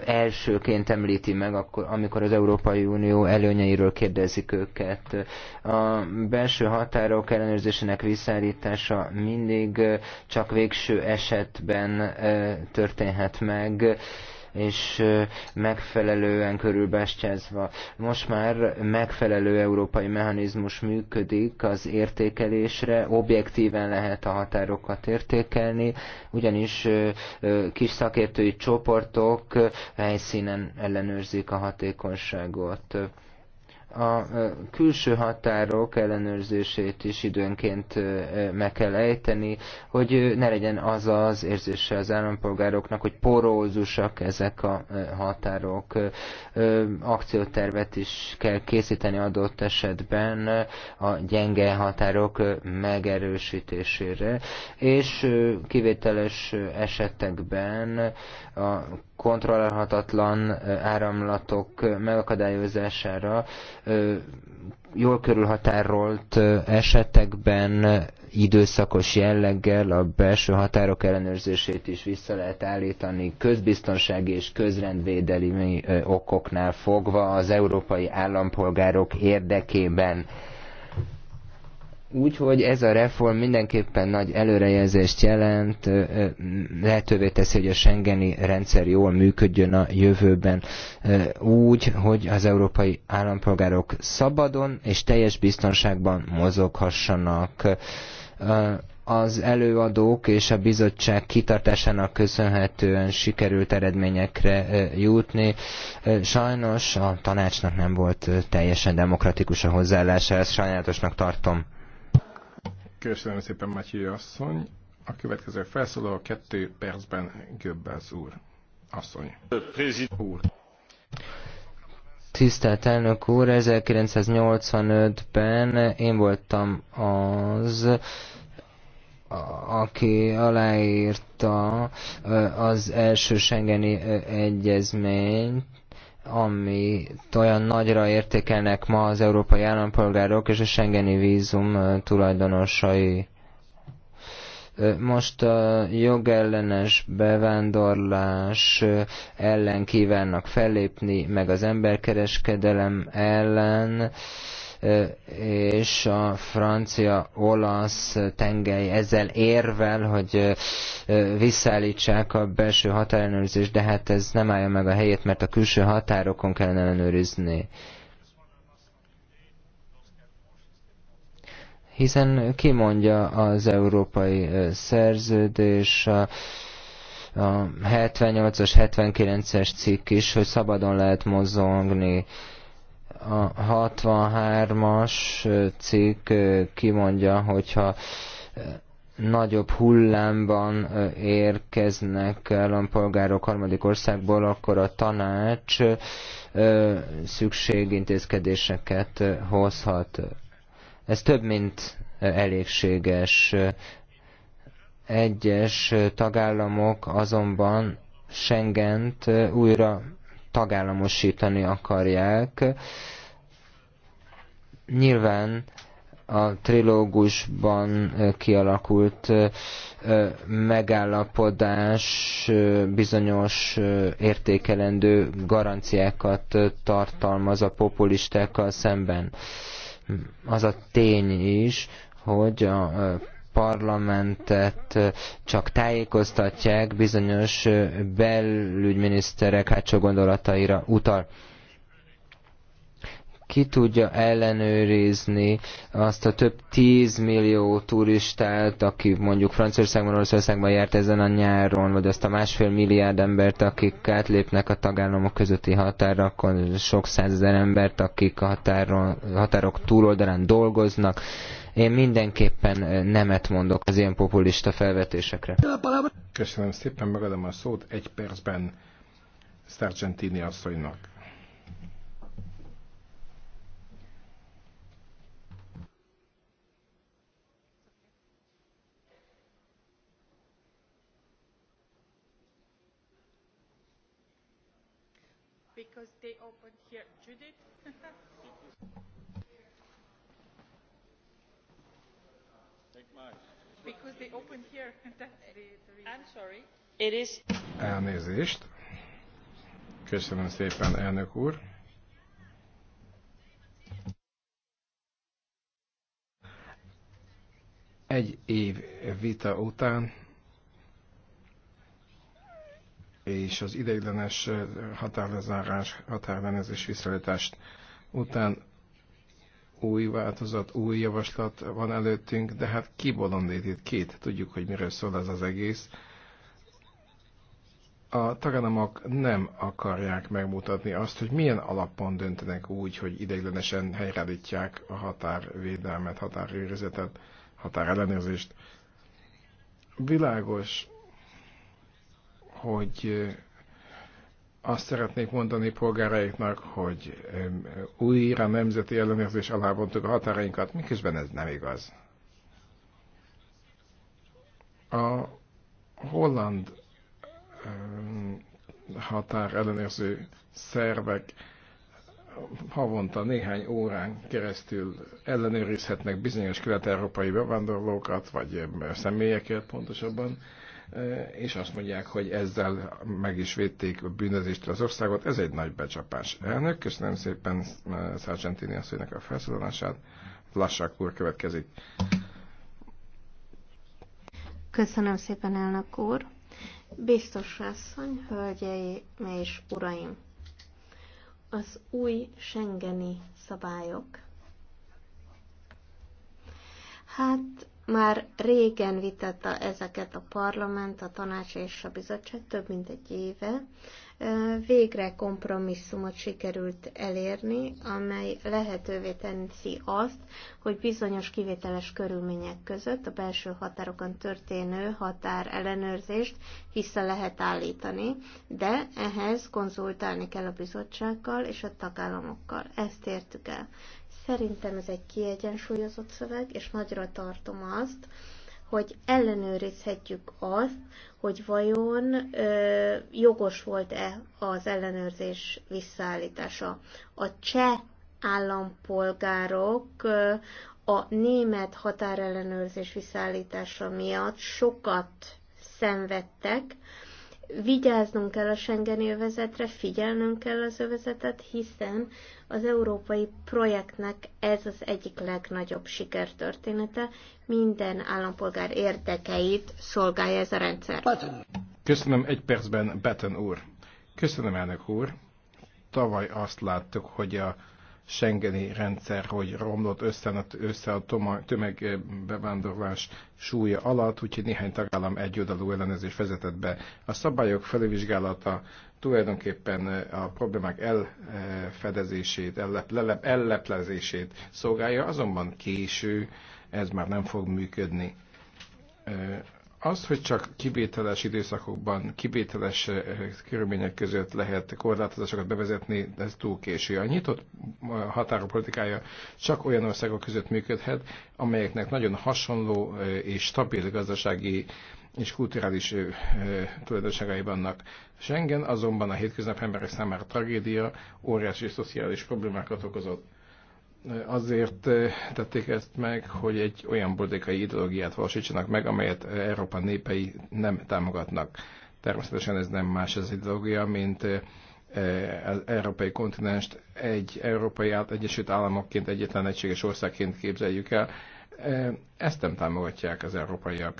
elsőként említi meg, amikor az Európai Unió előnyeiről kérdezik őket. A belső határok ellenőrzésének visszaállítása mindig csak végső esetben történhet meg és megfelelően körülbástyázva. Most már megfelelő európai mechanizmus működik az értékelésre, objektíven lehet a határokat értékelni, ugyanis kis szakértői csoportok helyszínen ellenőrzik a hatékonyságot a külső határok ellenőrzését is időnként meg kell ejteni, hogy ne legyen az az érzése az állampolgároknak, hogy porózusak ezek a határok. Akciótervet is kell készíteni adott esetben a gyenge határok megerősítésére, és kivételes esetekben a kontrollálhatatlan áramlatok megakadályozására jól körülhatárolt esetekben időszakos jelleggel a belső határok ellenőrzését is vissza lehet állítani közbiztonsági és közrendvédelmi okoknál fogva az európai állampolgárok érdekében. Úgyhogy ez a reform mindenképpen nagy előrejelzést jelent, lehetővé teszi, hogy a Schengeni rendszer jól működjön a jövőben úgy, hogy az európai állampolgárok szabadon és teljes biztonságban mozoghassanak. Az előadók és a bizottság kitartásának köszönhetően sikerült eredményekre jutni. Sajnos a tanácsnak nem volt teljesen demokratikus a hozzáállása, ezt sajnálatosnak tartom. Köszönöm szépen, Matyi asszony. A következő felszóló a kettő percben Göbbels úr. Asszony. Úr. Tisztelt elnök úr, 1985-ben én voltam az, aki aláírta az első Schengeni egyezményt, ami olyan nagyra értékelnek ma az európai állampolgárok és a Schengeni vízum tulajdonosai. Most a jogellenes bevándorlás ellen kívánnak fellépni, meg az emberkereskedelem ellen és a francia-olasz tengely ezzel érvel, hogy visszaállítsák a belső határellenőrzést, de hát ez nem állja meg a helyét, mert a külső határokon kellene ellenőrizni. Hiszen kimondja az európai szerződés, a 78-as, 79-es cikk is, hogy szabadon lehet mozogni a 63-as cikk kimondja, hogyha nagyobb hullámban érkeznek állampolgárok harmadik országból, akkor a tanács szükségintézkedéseket hozhat. Ez több, mint elégséges. Egyes tagállamok azonban Schengent újra tagállamosítani akarják. Nyilván a trilógusban kialakult megállapodás bizonyos értékelendő garanciákat tartalmaz a populistákkal szemben. Az a tény is, hogy a parlamentet csak tájékoztatják, bizonyos belügyminiszterek hátsó gondolataira utal ki tudja ellenőrizni azt a több tízmillió turistát, aki mondjuk Franciaországban, Oroszországban járt ezen a nyáron, vagy azt a másfél milliárd embert, akik átlépnek a tagállamok közötti határokon, sok százezer embert, akik a határon, határok túloldalán dolgoznak. Én mindenképpen nemet mondok az ilyen populista felvetésekre. Köszönöm szépen, megadom a szót egy percben Sargentini asszonynak. Elnézést. Köszönöm szépen, elnök úr. Egy év vita után és az ideiglenes határlezárás, határlenezés visszaállítást után új változat, új javaslat van előttünk, de hát bolondít itt két, tudjuk, hogy miről szól ez az egész. A tagállamok nem akarják megmutatni azt, hogy milyen alapon döntenek úgy, hogy ideiglenesen helyreállítják a határvédelmet, határőrizetet, határellenőrzést. Világos, hogy azt szeretnék mondani polgáraiknak, hogy újra nemzeti ellenőrzés alá vontuk a határainkat, miközben ez nem igaz. A holland határ ellenőrző szervek havonta néhány órán keresztül ellenőrizhetnek bizonyos kelet-európai bevándorlókat, vagy személyeket pontosabban, és azt mondják, hogy ezzel meg is védték a bűnözést az országot. Ez egy nagy becsapás. Elnök, köszönöm szépen Sargentini asszonynak a felszólalását. Lassák úr következik. Köszönöm szépen, elnök úr. Biztos asszony, hölgyei és uraim! Az új Schengeni szabályok. Hát már régen vitatta ezeket a parlament, a tanács és a bizottság több mint egy éve. Végre kompromisszumot sikerült elérni, amely lehetővé teszi azt, hogy bizonyos kivételes körülmények között a belső határokon történő határ ellenőrzést vissza lehet állítani, de ehhez konzultálni kell a bizottsággal és a tagállamokkal. Ezt értük el. Szerintem ez egy kiegyensúlyozott szöveg, és nagyra tartom azt, hogy ellenőrizhetjük azt, hogy vajon ö, jogos volt-e az ellenőrzés visszaállítása. A cseh állampolgárok ö, a német határellenőrzés visszaállítása miatt sokat szenvedtek, ö, vigyáznunk kell a Schengeni övezetre, figyelnünk kell az övezetet, hiszen az európai projektnek ez az egyik legnagyobb sikertörténete. Minden állampolgár érdekeit szolgálja ez a rendszer. Köszönöm egy percben, Betten úr. Köszönöm, elnök úr. Tavaly azt láttuk, hogy a Schengeni rendszer, hogy romlott össze, össze a tömegbevándorlás eh, súlya alatt, úgyhogy néhány tagállam egyoldalú ellenőrzés vezetett be. A szabályok felülvizsgálata tulajdonképpen eh, a problémák elfedezését, ellep, elleplezését szolgálja, azonban késő, ez már nem fog működni eh, az, hogy csak kivételes időszakokban, kivételes eh, körülmények között lehet korlátozásokat bevezetni, ez túl késő. A nyitott eh, határopolitikája csak olyan országok között működhet, amelyeknek nagyon hasonló eh, és stabil gazdasági és kulturális tulajdonságai vannak. Schengen azonban a hétköznap emberek számára tragédia, óriási szociális problémákat okozott azért eh, tették ezt meg, hogy egy olyan politikai ideológiát valósítsanak meg, amelyet eh, Európa népei nem támogatnak. Természetesen ez nem más az ideológia, mint eh, az európai kontinenst egy európai át, Egyesült Államokként, egyetlen egységes országként képzeljük el. Ezt nem támogatják az európaiak.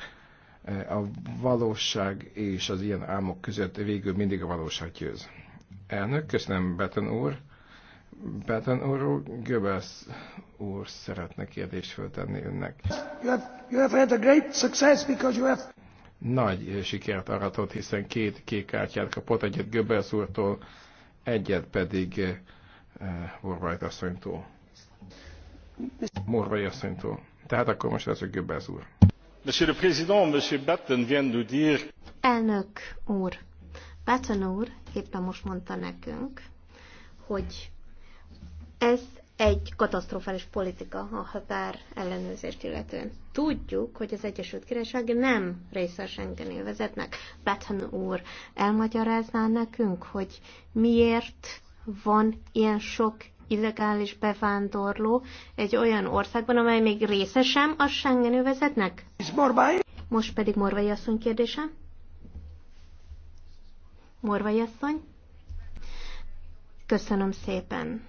A valóság és az ilyen álmok között végül mindig a valóság győz. Elnök, köszönöm Beton úr. Beten úr, Goebbels úr szeretne kérdést föltenni önnek. You have, you have had a great success because you have... Nagy sikert aratott, hiszen két kék kártyát kapott, egyet Goebbels úrtól, egyet pedig uh, Morvajt asszonytól. Morvai asszonytól. Tehát akkor most lesz hogy Goebbels úr. Monsieur le Président, Monsieur Batten vient nous dire... Elnök úr, Batten úr éppen most mondta nekünk, hogy ez egy katasztrofális politika a határ ellenőrzést illetően. Tudjuk, hogy az Egyesült Királyság nem része a Schengen élvezetnek. Bethan úr elmagyarázná nekünk, hogy miért van ilyen sok illegális bevándorló egy olyan országban, amely még része sem a Schengen övezetnek? Most pedig Morvai asszony kérdése. Morvai asszony. Köszönöm szépen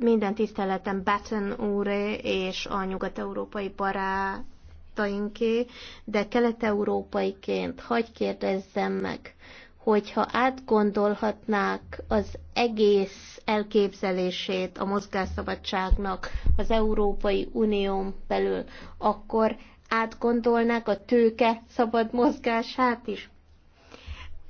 minden tiszteletem Batten úré és a nyugat-európai barátainké, de kelet-európaiként hagyj kérdezzem meg, hogyha átgondolhatnák az egész elképzelését a mozgásszabadságnak az Európai Unión belül, akkor átgondolnák a tőke szabad mozgását is?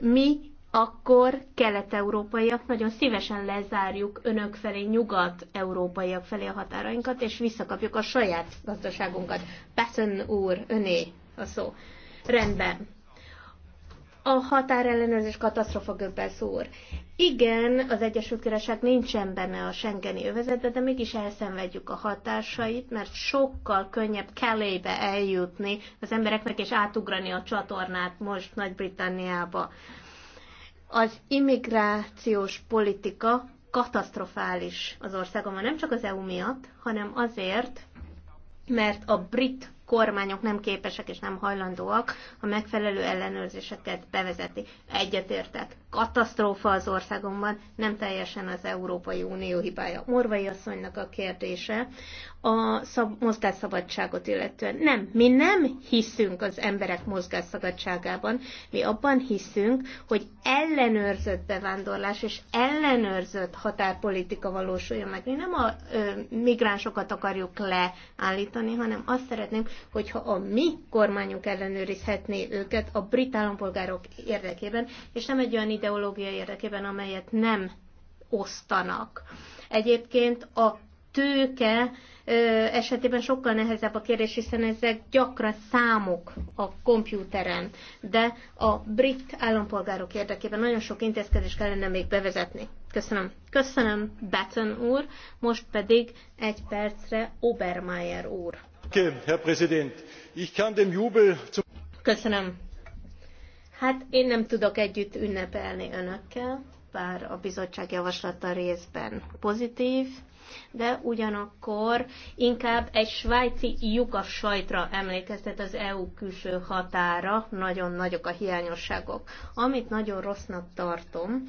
Mi akkor kelet-európaiak nagyon szívesen lezárjuk önök felé, nyugat-európaiak felé a határainkat, és visszakapjuk a saját gazdaságunkat. Pesson úr, öné a szó. Rendben. A határellenőrzés katasztrofa Göbbels úr. Igen, az Egyesült Királyság nincsen benne a Schengeni övezetbe, de mégis elszenvedjük a hatásait, mert sokkal könnyebb kellébe eljutni az embereknek és átugrani a csatornát most Nagy-Britanniába az immigrációs politika katasztrofális az országomban, nem csak az EU miatt, hanem azért, mert a brit kormányok nem képesek és nem hajlandóak a megfelelő ellenőrzéseket bevezetni. Egyetértek. Katasztrófa az országomban, nem teljesen az Európai Unió hibája. Morvai asszonynak a kérdése a szab- mozgásszabadságot illetően. Nem, mi nem hiszünk az emberek mozgásszabadságában, mi abban hiszünk, hogy ellenőrzött bevándorlás és ellenőrzött határpolitika valósuljon meg. Mi nem a ö, migránsokat akarjuk leállítani, hanem azt szeretnénk, hogyha a mi kormányunk ellenőrizhetné őket a brit állampolgárok érdekében, és nem egy olyan ideológia érdekében, amelyet nem osztanak. Egyébként a tőke esetében sokkal nehezebb a kérdés, hiszen ezek gyakran számok a kompjúteren, de a brit állampolgárok érdekében nagyon sok intézkedést kellene még bevezetni. Köszönöm. Köszönöm, Batten úr, most pedig egy percre Obermeier úr. Köszönöm. Hát én nem tudok együtt ünnepelni önökkel bár a bizottság javaslata részben pozitív, de ugyanakkor inkább egy svájci lyukas sajtra emlékeztet az EU külső határa, nagyon nagyok a hiányosságok. Amit nagyon rossznak tartom,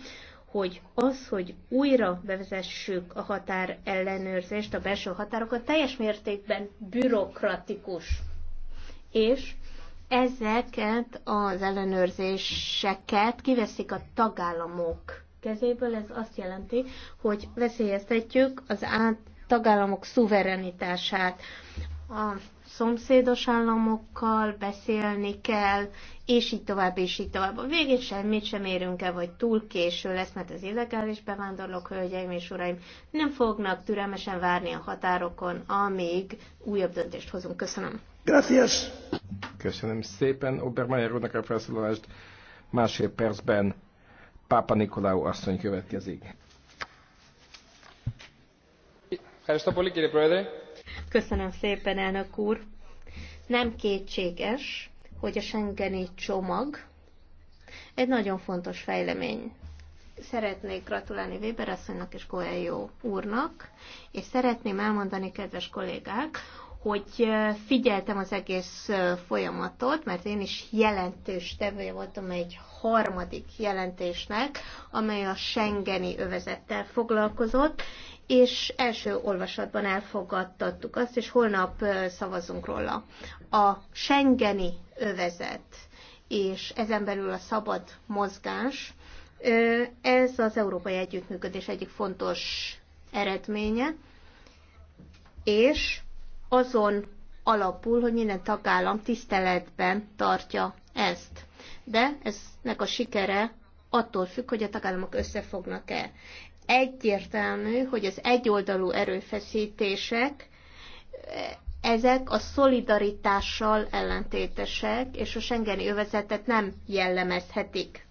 hogy az, hogy újra bevezessük a határ ellenőrzést, a belső határokat, teljes mértékben bürokratikus. És ezeket az ellenőrzéseket kiveszik a tagállamok kezéből, ez azt jelenti, hogy veszélyeztetjük az át tagállamok szuverenitását. A szomszédos államokkal beszélni kell, és így tovább, és így tovább. A végén semmit sem érünk el, vagy túl késő lesz, mert az illegális bevándorlók, hölgyeim és uraim, nem fognak türelmesen várni a határokon, amíg újabb döntést hozunk. Köszönöm. Gracias. Köszönöm szépen Obermeyer úrnak a felszólalást. Másfél percben Pápa Nikolau asszony következik. Köszönöm szépen, elnök úr. Nem kétséges, hogy a Schengeni csomag egy nagyon fontos fejlemény. Szeretnék gratulálni Weber asszonynak és Coelho úrnak, és szeretném elmondani, kedves kollégák, hogy figyeltem az egész folyamatot, mert én is jelentős tevője voltam egy harmadik jelentésnek, amely a Schengeni övezettel foglalkozott, és első olvasatban elfogadtattuk azt, és holnap szavazunk róla. A Schengeni övezet és ezen belül a szabad mozgás, ez az európai együttműködés egyik fontos eredménye, és azon alapul, hogy minden tagállam tiszteletben tartja ezt. De eznek a sikere attól függ, hogy a tagállamok összefognak-e. Egyértelmű, hogy az egyoldalú erőfeszítések ezek a szolidaritással ellentétesek, és a Schengeni övezetet nem jellemezhetik.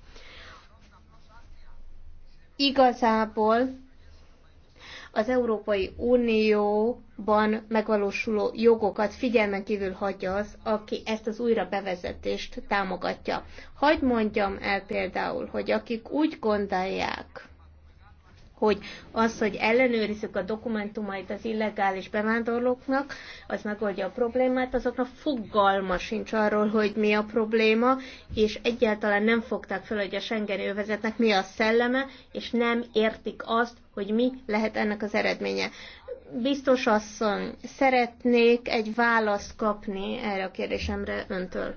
Igazából az Európai Unióban megvalósuló jogokat figyelmen kívül hagyja az, aki ezt az újra bevezetést támogatja. Hagy mondjam el például, hogy akik úgy gondolják, hogy az, hogy ellenőrizzük a dokumentumait az illegális bevándorlóknak, az megoldja a problémát, azoknak fogalma sincs arról, hogy mi a probléma, és egyáltalán nem fogták fel, hogy a Schengen övezetnek mi a szelleme, és nem értik azt, hogy mi lehet ennek az eredménye. Biztos asszony, szeretnék egy választ kapni erre a kérdésemre öntől.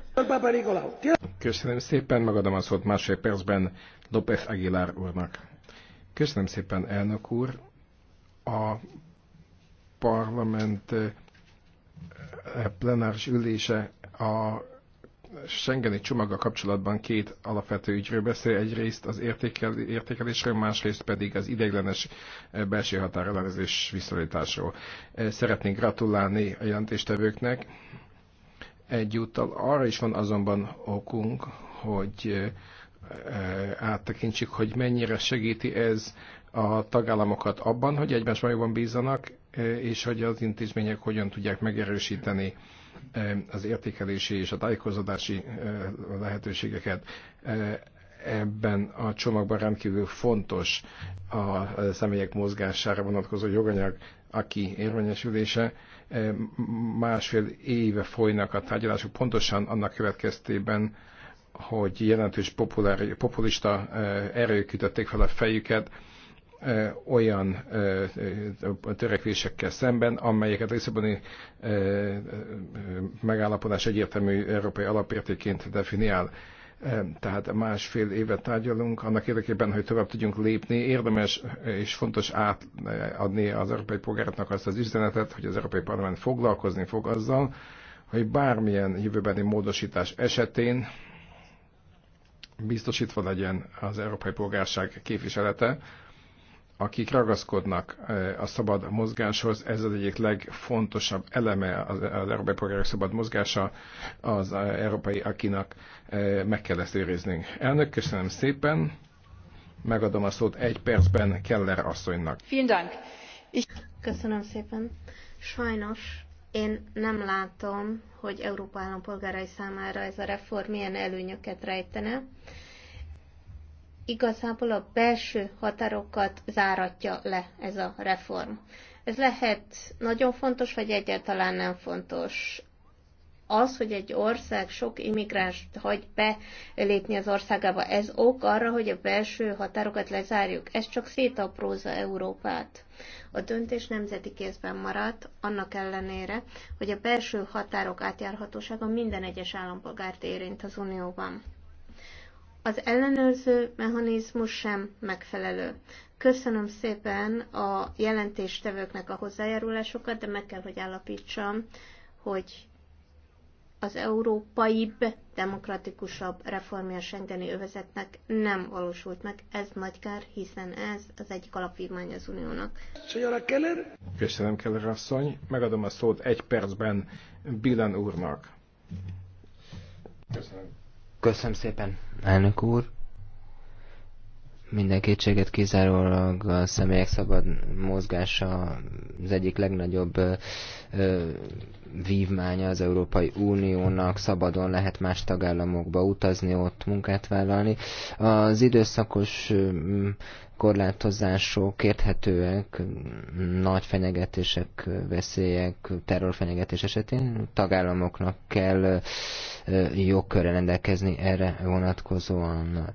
Köszönöm szépen, megadom a szót másfél percben López Aguilar úrnak. Köszönöm szépen, elnök úr. A parlament eh, plenáris ülése a Schengeni csomaga kapcsolatban két alapvető ügyről beszél, egyrészt az értékel, értékelésről, másrészt pedig az ideiglenes eh, belső határellenőrzés visszorításról. Eh, szeretnék gratulálni a jelentéstevőknek. Egyúttal arra is van azonban okunk, hogy Eh, áttekintsük, hogy mennyire segíti ez a tagállamokat abban, hogy egymás jobban bízzanak, eh, és hogy az intézmények hogyan tudják megerősíteni eh, az értékelési és a tájékozódási lehetőségeket. Ebben a csomagban rendkívül fontos a személyek mozgására vonatkozó joganyag, aki érvényesülése. Másfél éve folynak a tárgyalások, pontosan annak következtében, hogy jelentős populár, populista erők ütötték fel a fejüket olyan törekvésekkel szemben, amelyeket a Lisszaboni megállapodás egyértelmű európai alapértéként definiál tehát másfél évet tárgyalunk, annak érdekében, hogy tovább tudjunk lépni. Érdemes és fontos átadni az európai polgároknak azt az üzenetet, hogy az Európai Parlament foglalkozni fog azzal, hogy bármilyen jövőbeni módosítás esetén biztosítva legyen az európai polgárság képviselete, akik ragaszkodnak e, a szabad mozgáshoz, ez az egyik legfontosabb eleme az, az európai polgárok szabad mozgása, az e, európai akinak e, meg kell ezt őriznünk. Elnök, köszönöm szépen, megadom a szót egy percben Keller asszonynak. Vielen Dank. Köszönöm szépen. Sajnos én nem látom, hogy Európa állampolgárai számára ez a reform milyen előnyöket rejtene. Igazából a belső határokat záratja le ez a reform. Ez lehet nagyon fontos, vagy egyáltalán nem fontos az, hogy egy ország sok immigráns hagy belépni az országába, ez ok arra, hogy a belső határokat lezárjuk. Ez csak szétaprózza Európát. A döntés nemzeti kézben maradt, annak ellenére, hogy a belső határok átjárhatósága minden egyes állampolgárt érint az Unióban. Az ellenőrző mechanizmus sem megfelelő. Köszönöm szépen a jelentéstevőknek a hozzájárulásokat, de meg kell, hogy állapítsam, hogy az európaibb, demokratikusabb reformja Schengeni övezetnek nem valósult meg. Ez nagy kár, hiszen ez az egyik alapvívmány az uniónak. Köszönöm, Keller asszony. Megadom a szót egy percben Billen úrnak. Köszönöm. Köszönöm szépen, elnök úr. Minden kétséget kizárólag a személyek szabad mozgása az egyik legnagyobb vívmánya az Európai Uniónak, szabadon lehet más tagállamokba utazni, ott munkát vállalni. Az időszakos korlátozások érthetőek, nagy fenyegetések, veszélyek, terrorfenyegetés esetén tagállamoknak kell jogkörre rendelkezni erre vonatkozóan.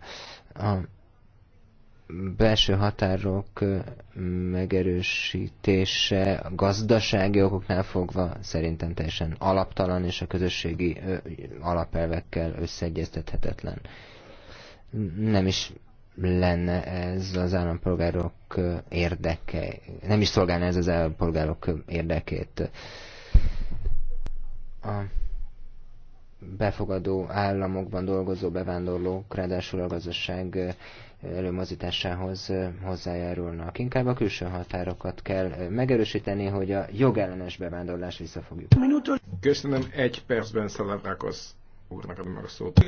A belső határok megerősítése a gazdasági okoknál fogva szerintem teljesen alaptalan és a közösségi alapelvekkel összeegyeztethetetlen. Nem is lenne ez az állampolgárok érdeke, nem is szolgálna ez az állampolgárok érdekét. A befogadó államokban dolgozó bevándorlók, ráadásul a gazdaság előmozításához hozzájárulnak. Inkább a külső határokat kell megerősíteni, hogy a jogellenes bevándorlás visszafogjuk. Köszönöm, egy percben Szalavrákosz úrnak adom a szót.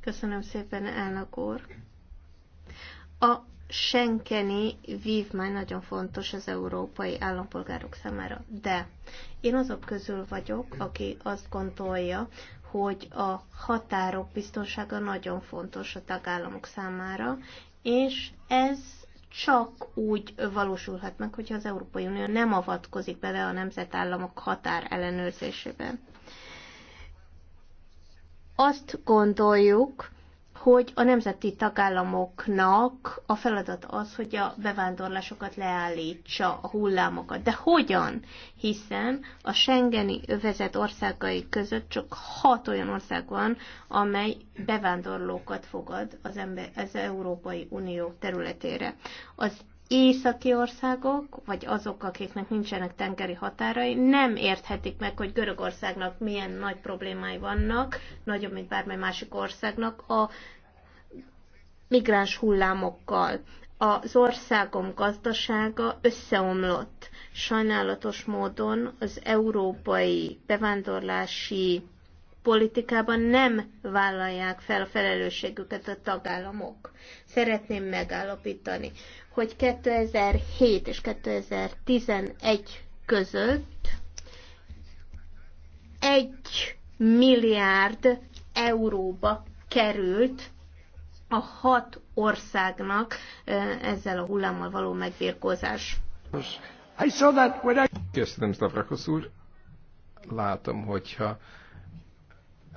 Köszönöm szépen, elnök úr. A Schengeni vívmány nagyon fontos az európai állampolgárok számára, de én azok közül vagyok, aki azt gondolja, hogy a határok biztonsága nagyon fontos a tagállamok számára, és ez csak úgy valósulhat meg, hogyha az Európai Unió nem avatkozik bele a nemzetállamok határ ellenőrzésébe. Azt gondoljuk, hogy a nemzeti tagállamoknak a feladat az, hogy a bevándorlásokat leállítsa, a hullámokat. De hogyan? Hiszen a Schengeni övezet országai között csak hat olyan ország van, amely bevándorlókat fogad az, ember, az Európai Unió területére. Az északi országok, vagy azok, akiknek nincsenek tengeri határai, nem érthetik meg, hogy Görögországnak milyen nagy problémái vannak, nagyobb, mint bármely másik országnak, a migráns hullámokkal. Az országom gazdasága összeomlott. Sajnálatos módon az európai bevándorlási politikában nem vállalják fel a felelősségüket a tagállamok. Szeretném megállapítani, hogy 2007 és 2011 között egy milliárd euróba került a hat országnak ezzel a hullámmal való megbírkozás. Köszönöm, Stavrakos úr. Látom, hogyha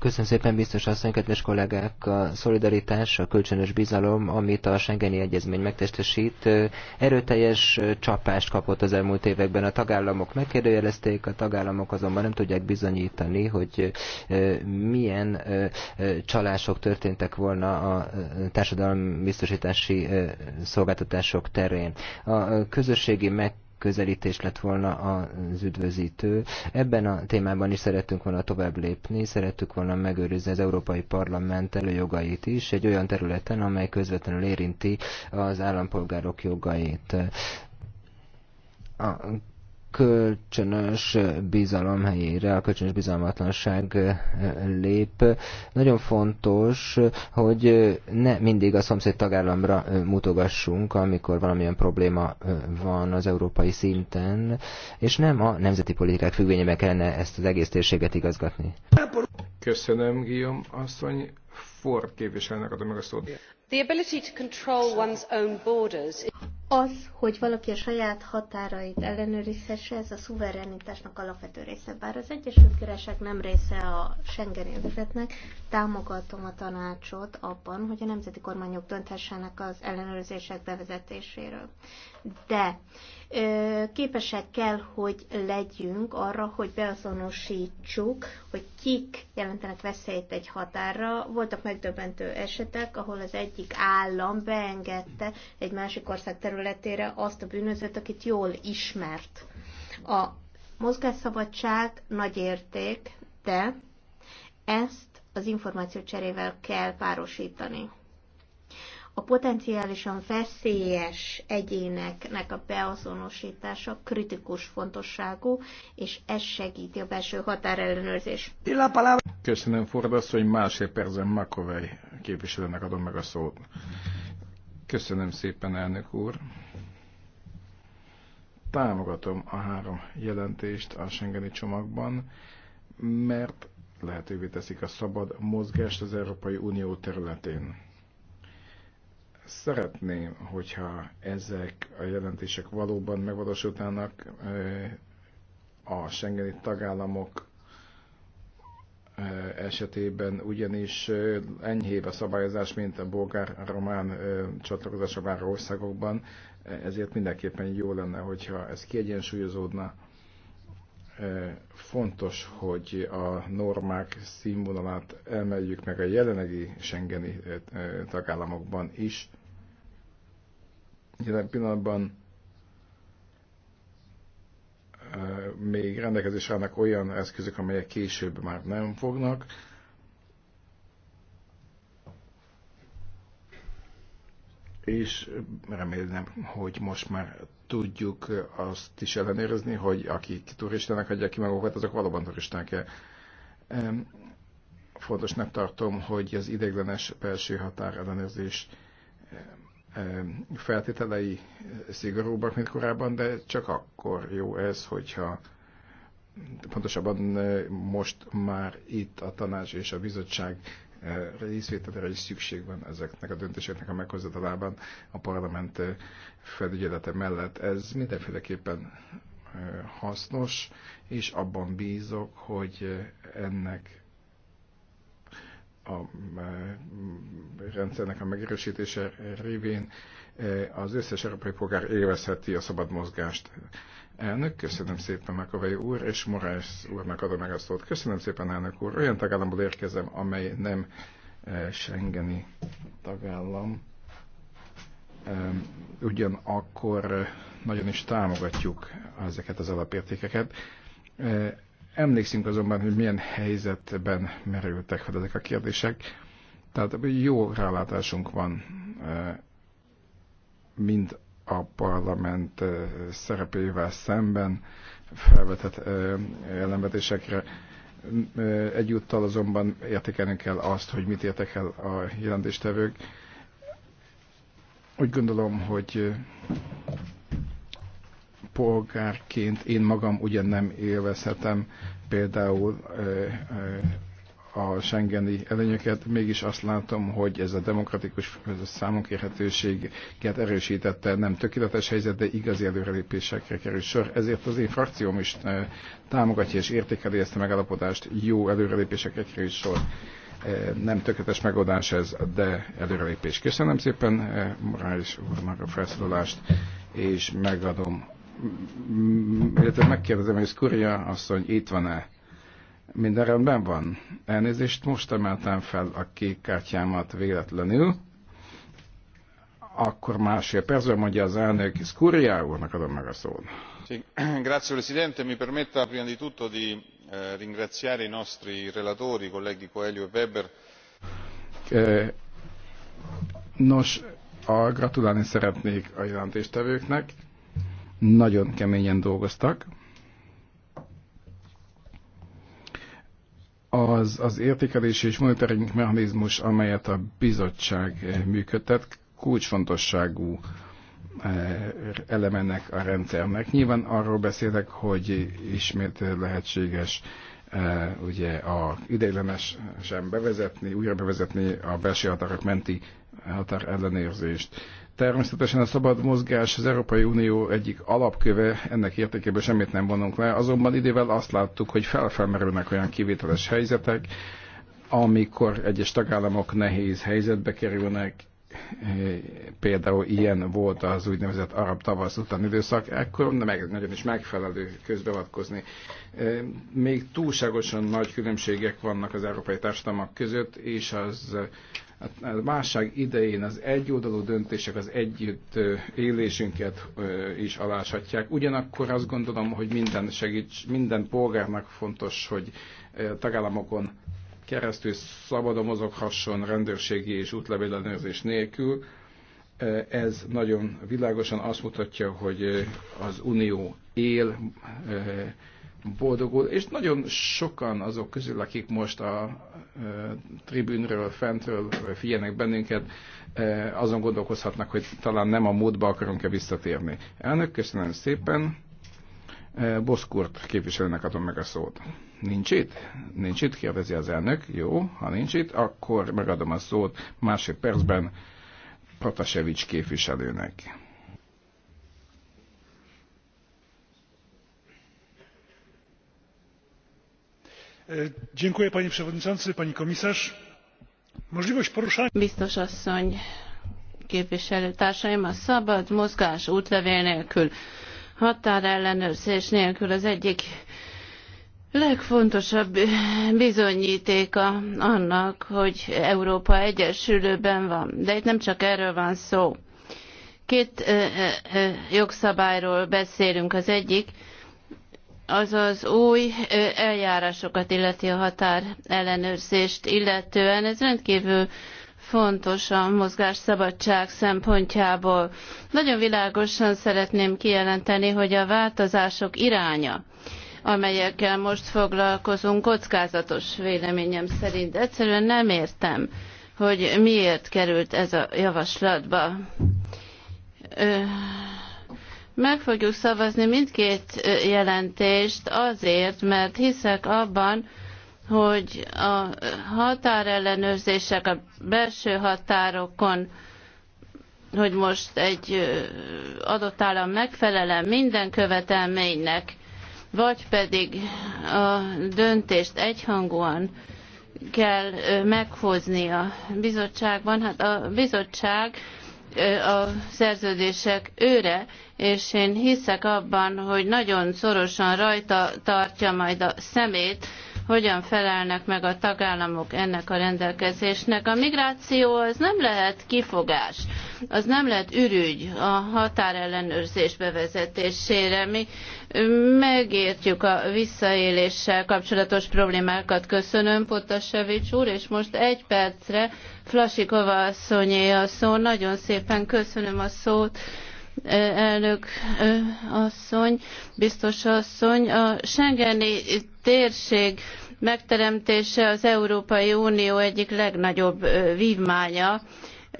Köszönöm szépen, biztos asszony, kedves kollégák! A szolidaritás, a kölcsönös bizalom, amit a Schengeni Egyezmény megtestesít, erőteljes csapást kapott az elmúlt években. A tagállamok megkérdőjelezték, a tagállamok azonban nem tudják bizonyítani, hogy milyen csalások történtek volna a társadalmi biztosítási szolgáltatások terén. A közösségi meg közelítés lett volna az üdvözítő. Ebben a témában is szerettünk volna tovább lépni, szerettük volna megőrizni az Európai Parlament előjogait is egy olyan területen, amely közvetlenül érinti az állampolgárok jogait. A kölcsönös bizalom helyére, a kölcsönös bizalmatlanság lép. Nagyon fontos, hogy ne mindig a szomszéd tagállamra mutogassunk, amikor valamilyen probléma van az európai szinten, és nem a nemzeti politikák függvényében kellene ezt az egész térséget igazgatni. Köszönöm, Guillaume asszony. Ford képviselőnek adom meg a szót. The ability to control one's own borders az, hogy valaki a saját határait ellenőrizhesse, ez a szuverenitásnak alapvető része. Bár az Egyesült Királyság nem része a Schengeni övezetnek, támogatom a tanácsot abban, hogy a nemzeti kormányok dönthessenek az ellenőrzések bevezetéséről. De képesek kell, hogy legyünk arra, hogy beazonosítsuk, hogy kik jelentenek veszélyt egy határra. Voltak megdöbbentő esetek, ahol az egyik állam beengedte egy másik ország területét, területére azt a bűnözőt, akit jól ismert. A mozgásszabadság nagy érték, de ezt az információcserével kell párosítani. A potenciálisan veszélyes egyéneknek a beazonosítása kritikus fontosságú, és ez segíti a belső határellenőrzés. Köszönöm, Ford, hogy másfél percen Makovej képviselőnek adom meg a szót. Köszönöm szépen, elnök úr. Támogatom a három jelentést a Schengeni csomagban, mert lehetővé teszik a szabad mozgást az Európai Unió területén. Szeretném, hogyha ezek a jelentések valóban megvalósulnának a Schengeni tagállamok esetében ugyanis enyhébb a szabályozás, mint a bolgár-román csatlakozása váró országokban, ezért mindenképpen jó lenne, hogyha ez kiegyensúlyozódna. Fontos, hogy a normák színvonalát emeljük meg a jelenlegi Schengeni tagállamokban is. Jelen pillanatban még rendelkezésre állnak olyan eszközök, amelyek később már nem fognak. És remélem, hogy most már tudjuk azt is ellenőrizni, hogy akik turistának adják ki magukat, azok valóban turisták-e. Fontosnak tartom, hogy az ideiglenes belső határ ellenőrzés feltételei szigorúbbak, mint korábban, de csak akkor jó ez, hogyha pontosabban most már itt a tanács és a bizottság részvételre is szükség van ezeknek a döntéseknek a meghozatalában a parlament felügyelete mellett. Ez mindenféleképpen hasznos, és abban bízok, hogy ennek a e, rendszernek a megerősítése révén e, az összes európai polgár élvezheti a szabad mozgást. Elnök, köszönöm szépen Makovei úr, és Morales úrnak adom meg a szót. Köszönöm szépen, elnök úr. Olyan tagállamból érkezem, amely nem e, Schengeni tagállam. Ugyanakkor nagyon is támogatjuk ezeket az alapértékeket Emlékszünk azonban, hogy milyen helyzetben merültek fel ezek a kérdések. Tehát jó rálátásunk van e, mind a parlament e, szerepével szemben felvetett e, ellenvetésekre. Egyúttal azonban értékelni kell azt, hogy mit értek el a jelentéstevők. Úgy gondolom, hogy polgárként én magam ugyan nem élvezhetem például a Schengeni előnyöket, mégis azt látom, hogy ez a demokratikus számunkérhetőséget erősítette, nem tökéletes helyzet, de igazi előrelépésekre kerül sor. Ezért az én frakcióm is támogatja és értékeli ezt a megállapodást, jó előrelépésekre kerül sor. Nem tökéletes megoldás ez, de előrelépés. Köszönöm szépen Morális úrnak a felszólalást, és megadom Mm, illetve megkérdezem, hogy Skuria asszony itt van-e? Minden rendben van? Elnézést, most emeltem fel a kék kártyámat véletlenül. Akkor másfél percben mondja az elnök, Skuria úrnak adom meg a szót. Grazie Presidente, mi permetta prima di tutto di eh, ringraziare i nostri relatori, colleghi Coelho e Weber. Eh, nos, a gratulálni szeretnék a jelentéstevőknek. Nagyon keményen dolgoztak. Az, az értékelési és monitoring mechanizmus, amelyet a bizottság eh, működtet, kulcsfontosságú eh, elemennek a rendszernek. Nyilván arról beszélek, hogy ismét lehetséges eh, ugye a ideiglenesen bevezetni, újra bevezetni a belső határok menti határ ellenérzést. Természetesen a szabad mozgás az Európai Unió egyik alapköve, ennek értékében semmit nem vonunk le, azonban idővel azt láttuk, hogy felfelmerülnek olyan kivételes helyzetek, amikor egyes tagállamok nehéz helyzetbe kerülnek, például ilyen volt az úgynevezett arab tavasz után időszak, ekkor meg, nagyon is megfelelő közbeavatkozni. Még túlságosan nagy különbségek vannak az európai társadalmak között, és az Hát, hát a válság idején az egyoldalú döntések az együtt élésünket is aláshatják. Ugyanakkor azt gondolom, hogy minden segíts, minden polgárnak fontos, hogy tagállamokon keresztül szabadon mozoghasson rendőrségi és útlevélenőrzés nélkül. Ez nagyon világosan azt mutatja, hogy az Unió él, boldogul, és nagyon sokan azok közül, akik most a tribünről, fentről figyelnek bennünket, azon gondolkozhatnak, hogy talán nem a módba akarunk-e visszatérni. Elnök, köszönöm szépen. Boszkurt képviselőnek adom meg a szót. Nincs itt? Nincs itt, kérdezi az elnök. Jó, ha nincs itt, akkor megadom a szót Másik percben Patasevics képviselőnek. E, panie przewodniczący pani komisarz! biztos asszony képviselőtársaim! a szabad mozgás útlevél nélkül határellenőrzés nélkül az egyik legfontosabb bizonytéka annak hogy európa egyesülőben van de itt nem csak erről van szó. két e, e, jogszabályról beszélünk az egyik az az új eljárásokat illeti a határ ellenőrzést illetően. Ez rendkívül fontos a mozgásszabadság szempontjából. Nagyon világosan szeretném kijelenteni, hogy a változások iránya amelyekkel most foglalkozunk, kockázatos véleményem szerint. Egyszerűen nem értem, hogy miért került ez a javaslatba. Ö meg fogjuk szavazni mindkét jelentést azért, mert hiszek abban, hogy a határellenőrzések a belső határokon hogy most egy adott állam megfelele minden követelménynek, vagy pedig a döntést egyhangúan kell meghozni a bizottságban. Hát a bizottság a szerződések őre, és én hiszek abban, hogy nagyon szorosan rajta tartja majd a szemét, hogyan felelnek meg a tagállamok ennek a rendelkezésnek. A migráció az nem lehet kifogás az nem lett ürügy a határellenőrzés bevezetésére. Mi megértjük a visszaéléssel kapcsolatos problémákat. Köszönöm, Potasevics úr, és most egy percre Flasikova asszonyé a szó. Nagyon szépen köszönöm a szót e, elnök e, asszony, biztos asszony, a Schengeni térség megteremtése az Európai Unió egyik legnagyobb e, vívmánya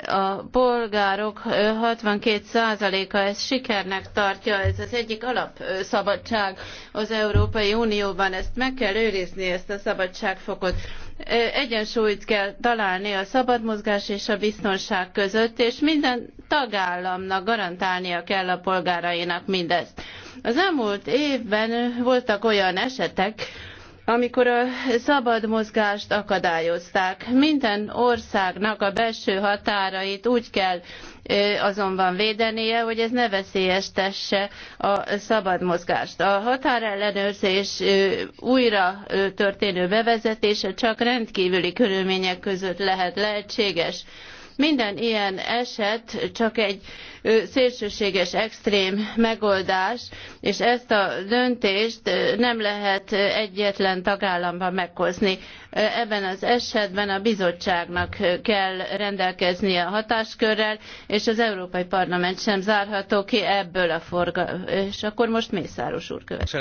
a polgárok 62%-a ezt sikernek tartja, ez az egyik alapszabadság az Európai Unióban, ezt meg kell őrizni, ezt a szabadságfokot. Egyensúlyt kell találni a szabad mozgás és a biztonság között, és minden tagállamnak garantálnia kell a polgárainak mindezt. Az elmúlt évben voltak olyan esetek, amikor a szabad mozgást akadályozták. Minden országnak a belső határait úgy kell azonban védenie, hogy ez ne veszélyeztesse a szabad mozgást. A határellenőrzés újra történő bevezetése csak rendkívüli körülmények között lehet lehetséges. Minden ilyen eset csak egy szélsőséges, extrém megoldás, és ezt a döntést nem lehet egyetlen tagállamban meghozni. Ebben az esetben a bizottságnak kell rendelkeznie a hatáskörrel, és az Európai Parlament sem zárható ki ebből a forga. És akkor most Mészáros úr következik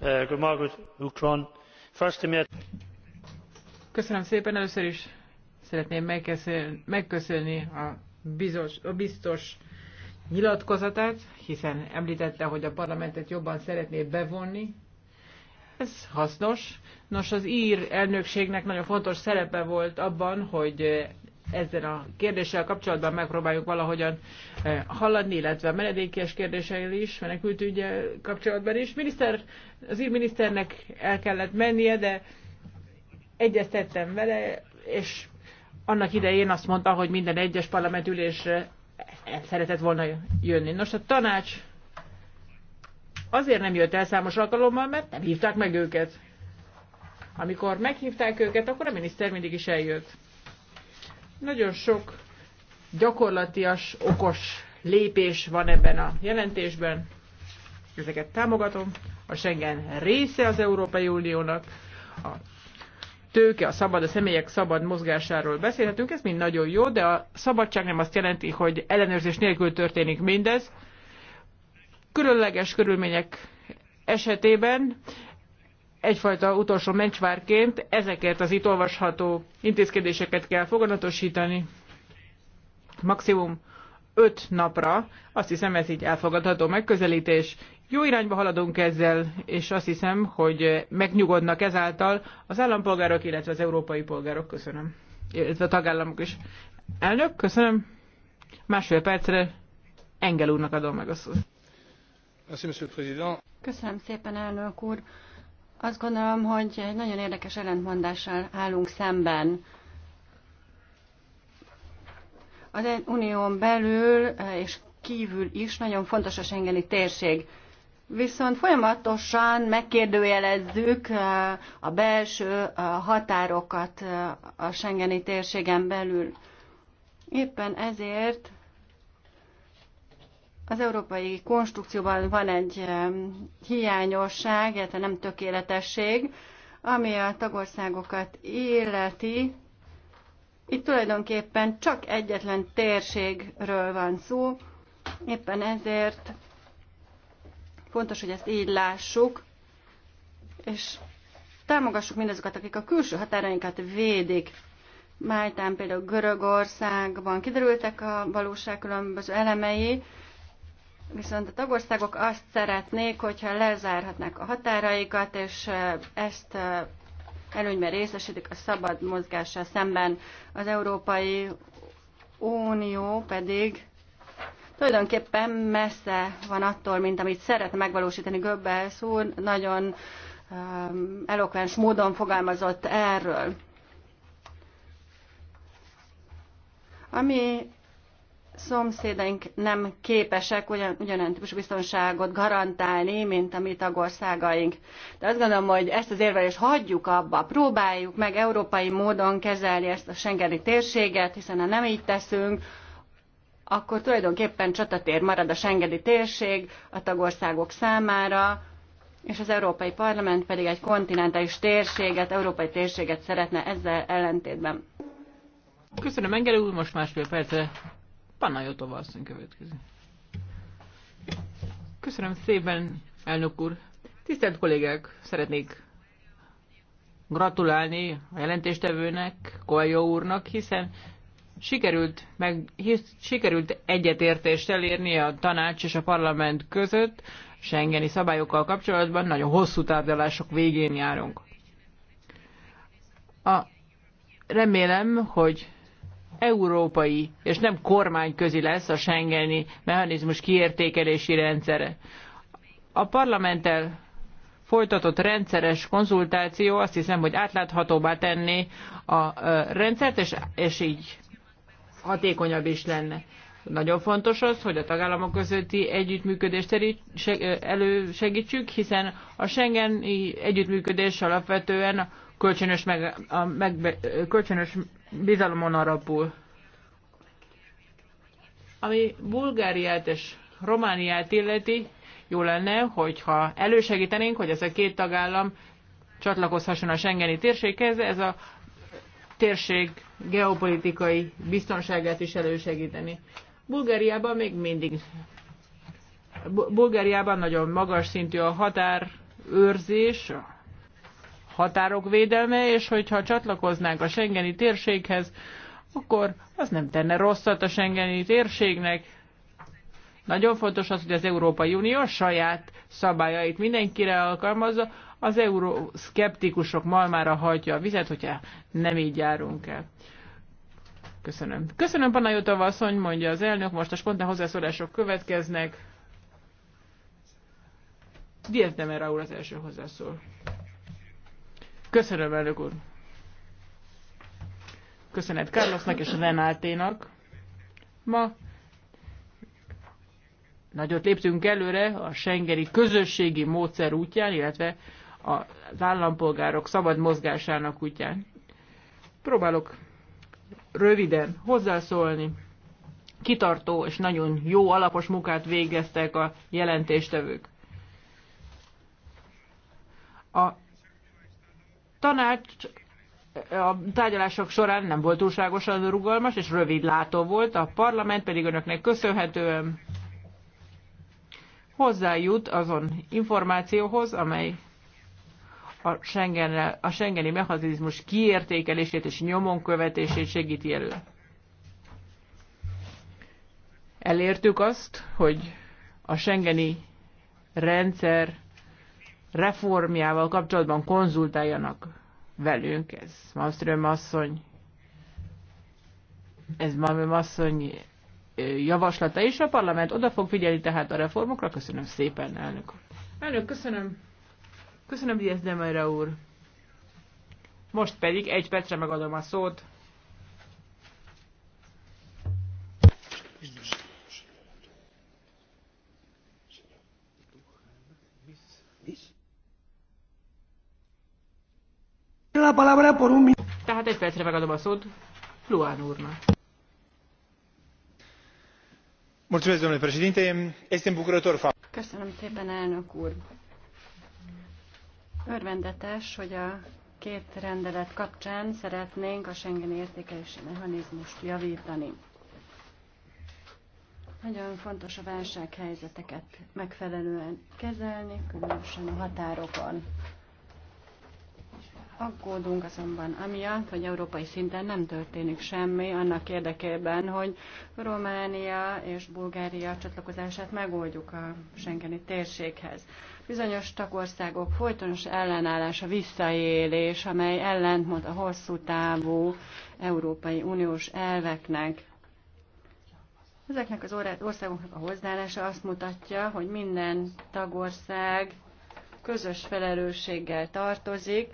Uh, Köszönöm szépen. Először is szeretném megköszönni a, biztos nyilatkozatát, hiszen említette, hogy a parlamentet jobban szeretné bevonni. Ez hasznos. Nos, az ír elnökségnek nagyon fontos szerepe volt abban, hogy ezzel a kérdéssel kapcsolatban megpróbáljuk valahogyan eh, haladni, illetve a menedékes kérdéssel is, menekültügyel kapcsolatban is. Miniszter, az ír miniszternek el kellett mennie, de egyeztettem vele, és annak idején azt mondta, hogy minden egyes parlament el szeretett volna jönni. Nos, a tanács azért nem jött el számos alkalommal, mert nem hívták meg őket. Amikor meghívták őket, akkor a miniszter mindig is eljött. Nagyon sok gyakorlatias, okos lépés van ebben a jelentésben. Ezeket támogatom. A Schengen része az Európai Uniónak. A tőke, a szabad, a személyek szabad mozgásáról beszélhetünk, ez mind nagyon jó, de a szabadság nem azt jelenti, hogy ellenőrzés nélkül történik mindez. Különleges körülmények esetében egyfajta utolsó mencsvárként ezekért az itt olvasható intézkedéseket kell foganatosítani. Maximum öt napra, azt hiszem ez így elfogadható megközelítés. Jó irányba haladunk ezzel, és azt hiszem, hogy megnyugodnak ezáltal az állampolgárok, illetve az európai polgárok. Köszönöm. Illetve a tagállamok is. Elnök, köszönöm. Másfél percre Engel úrnak adom meg a szót. Köszönöm szépen, elnök úr. Azt gondolom, hogy egy nagyon érdekes ellentmondással állunk szemben. Az unión belül eh, és kívül is nagyon fontos a Schengeni térség. Viszont folyamatosan megkérdőjelezzük eh, a belső eh, határokat a Schengeni térségen belül. Éppen ezért az európai konstrukcióban van egy hiányosság, illetve nem tökéletesség, ami a tagországokat illeti. Itt tulajdonképpen csak egyetlen térségről van szó, éppen ezért fontos, hogy ezt így lássuk, és támogassuk mindazokat, akik a külső határainkat védik. Máltán például Görögországban kiderültek a valóság különböző elemei, Viszont a tagországok azt szeretnék, hogyha lezárhatnák a határaikat, és ezt előnyben részesítik a szabad mozgással szemben. Az Európai Unió pedig tulajdonképpen messze van attól, mint amit szeretne megvalósítani Göbbels úr, nagyon um, elokvens módon fogalmazott erről. Ami szomszédaink nem képesek ugyan, ugyanolyan típusú biztonságot garantálni, mint a mi tagországaink. De azt gondolom, hogy ezt az érvelést hagyjuk abba, próbáljuk meg európai módon kezelni ezt a Schengeni térséget, hiszen ha nem így teszünk, akkor tulajdonképpen csatatér marad a Schengeni térség a tagországok számára, és az Európai Parlament pedig egy kontinentális térséget, európai térséget szeretne ezzel ellentétben. Köszönöm, Engelő úr, most másfél perce Panajotova asszony következik. Köszönöm szépen, elnök úr. Tisztelt kollégák, szeretnék gratulálni a jelentéstevőnek, Koljó úrnak, hiszen sikerült, meg, hisz, sikerült egyetértést elérni a tanács és a parlament között, Schengeni szabályokkal kapcsolatban nagyon hosszú tárgyalások végén járunk. A, remélem, hogy európai és nem kormányközi lesz a Schengeni mechanizmus kiértékelési rendszere. A parlamenttel folytatott rendszeres konzultáció azt hiszem, hogy átláthatóbbá tenné a rendszert, és, és így hatékonyabb is lenne. Nagyon fontos az, hogy a tagállamok közötti együttműködést elősegítsük, hiszen a Schengeni együttműködés alapvetően kölcsönös, meg, a meg, kölcsönös bizalmon arabul. Ami Bulgáriát és Romániát illeti, jó lenne, hogyha elősegítenénk, hogy ez a két tagállam csatlakozhasson a Schengeni térséghez, ez a térség geopolitikai biztonságát is elősegíteni. Bulgáriában még mindig Bulgáriában nagyon magas szintű a határőrzés, a határok védelme, és hogyha csatlakoznánk a Schengeni térséghez, akkor az nem tenne rosszat a Schengeni térségnek. Nagyon fontos az, hogy az Európai Unió saját szabályait mindenkire alkalmazza, az euroszkeptikusok malmára hagyja a vizet, hogyha nem így járunk el. Köszönöm. Köszönöm, Panajotova asszony, mondja az elnök. Most a spontán hozzászólások következnek. Diaz Demera úr az első hozzászól. Köszönöm, elnök úr. Köszönet Carlosnak és Renálténak. Ma nagyot léptünk előre a Schengeni közösségi módszer útján, illetve az állampolgárok szabad mozgásának útján. Próbálok röviden hozzászólni. Kitartó és nagyon jó alapos munkát végeztek a jelentéstevők. A tanács a tárgyalások során nem volt túlságosan rugalmas, és rövidlátó volt, a parlament pedig önöknek köszönhetően hozzájut azon információhoz, amely a, Schengen, a Schengeni mechanizmus kiértékelését és nyomon követését segíti elő. Elértük azt, hogy a Schengeni rendszer reformjával kapcsolatban konzultáljanak velünk. Ez Malmström asszony, ez Malmström asszony eh, javaslata is. A parlament oda fog figyelni tehát a reformokra. Köszönöm szépen, elnök. Elnök, köszönöm. Köszönöm, Diaz Demere úr. Most pedig egy percre megadom a szót Tehát egy percre megadom a szót Luán úrnak. Mulțumesc, domnule președinte. Este îmbucurător faptul. Köszönöm szépen, elnök úr. Örvendetes, hogy a két rendelet kapcsán szeretnénk a Schengen értékelési mechanizmust javítani. Nagyon fontos a válsághelyzeteket megfelelően kezelni, különösen a határokon. Aggódunk azonban amiatt, hogy európai szinten nem történik semmi annak érdekében, hogy Románia és Bulgária csatlakozását megoldjuk a Schengeni térséghez. Bizonyos tagországok folytonos ellenállása, visszaélés, amely ellentmond a hosszú távú Európai Uniós elveknek. Ezeknek az országoknak a hozzáállása azt mutatja, hogy minden tagország közös felelősséggel tartozik,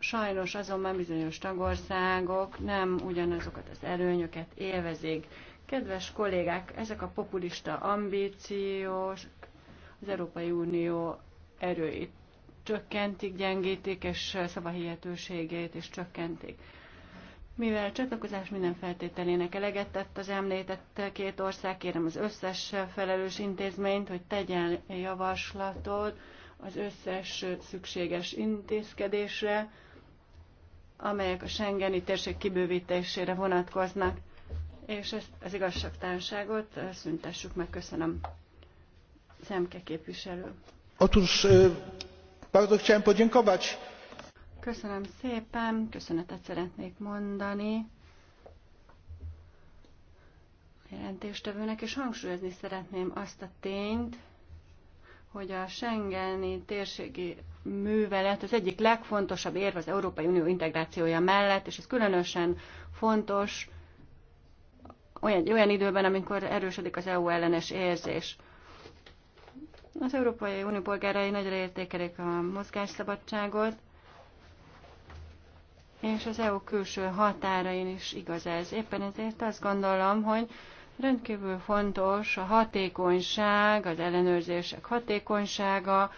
Sajnos azonban bizonyos tagországok nem ugyanazokat az előnyöket élvezik. Kedves kollégák, ezek a populista ambíciós az Európai Unió erőit csökkentik, gyengítik, és szavahihetőségét is csökkentik. Mivel csatlakozás minden feltételének eleget tett az említett két ország, kérem az összes felelős intézményt, hogy tegyen javaslatot az összes szükséges intézkedésre, amelyek a Schengeni térség kibővítésére vonatkoznak, és ezt az igazságtalanságot eh, szüntessük meg. Köszönöm. Szemke képviselő. Otóż e, bardzo chciałem podziękować. Köszönöm szépen, köszönetet szeretnék mondani jelentéstevőnek, és hangsúlyozni szeretném azt a tényt, hogy a Schengeni térségi művelet az egyik legfontosabb érv az Európai Unió integrációja mellett, és ez különösen fontos olyan, olyan időben, amikor erősödik az EU ellenes érzés. Az Európai Unió polgárai nagyra értékelik a mozgásszabadságot, és az EU külső határain is igaz ez. Éppen ezért azt gondolom, hogy Rendkívül fontos a hatékonyság, az ellenőrzések hatékonysága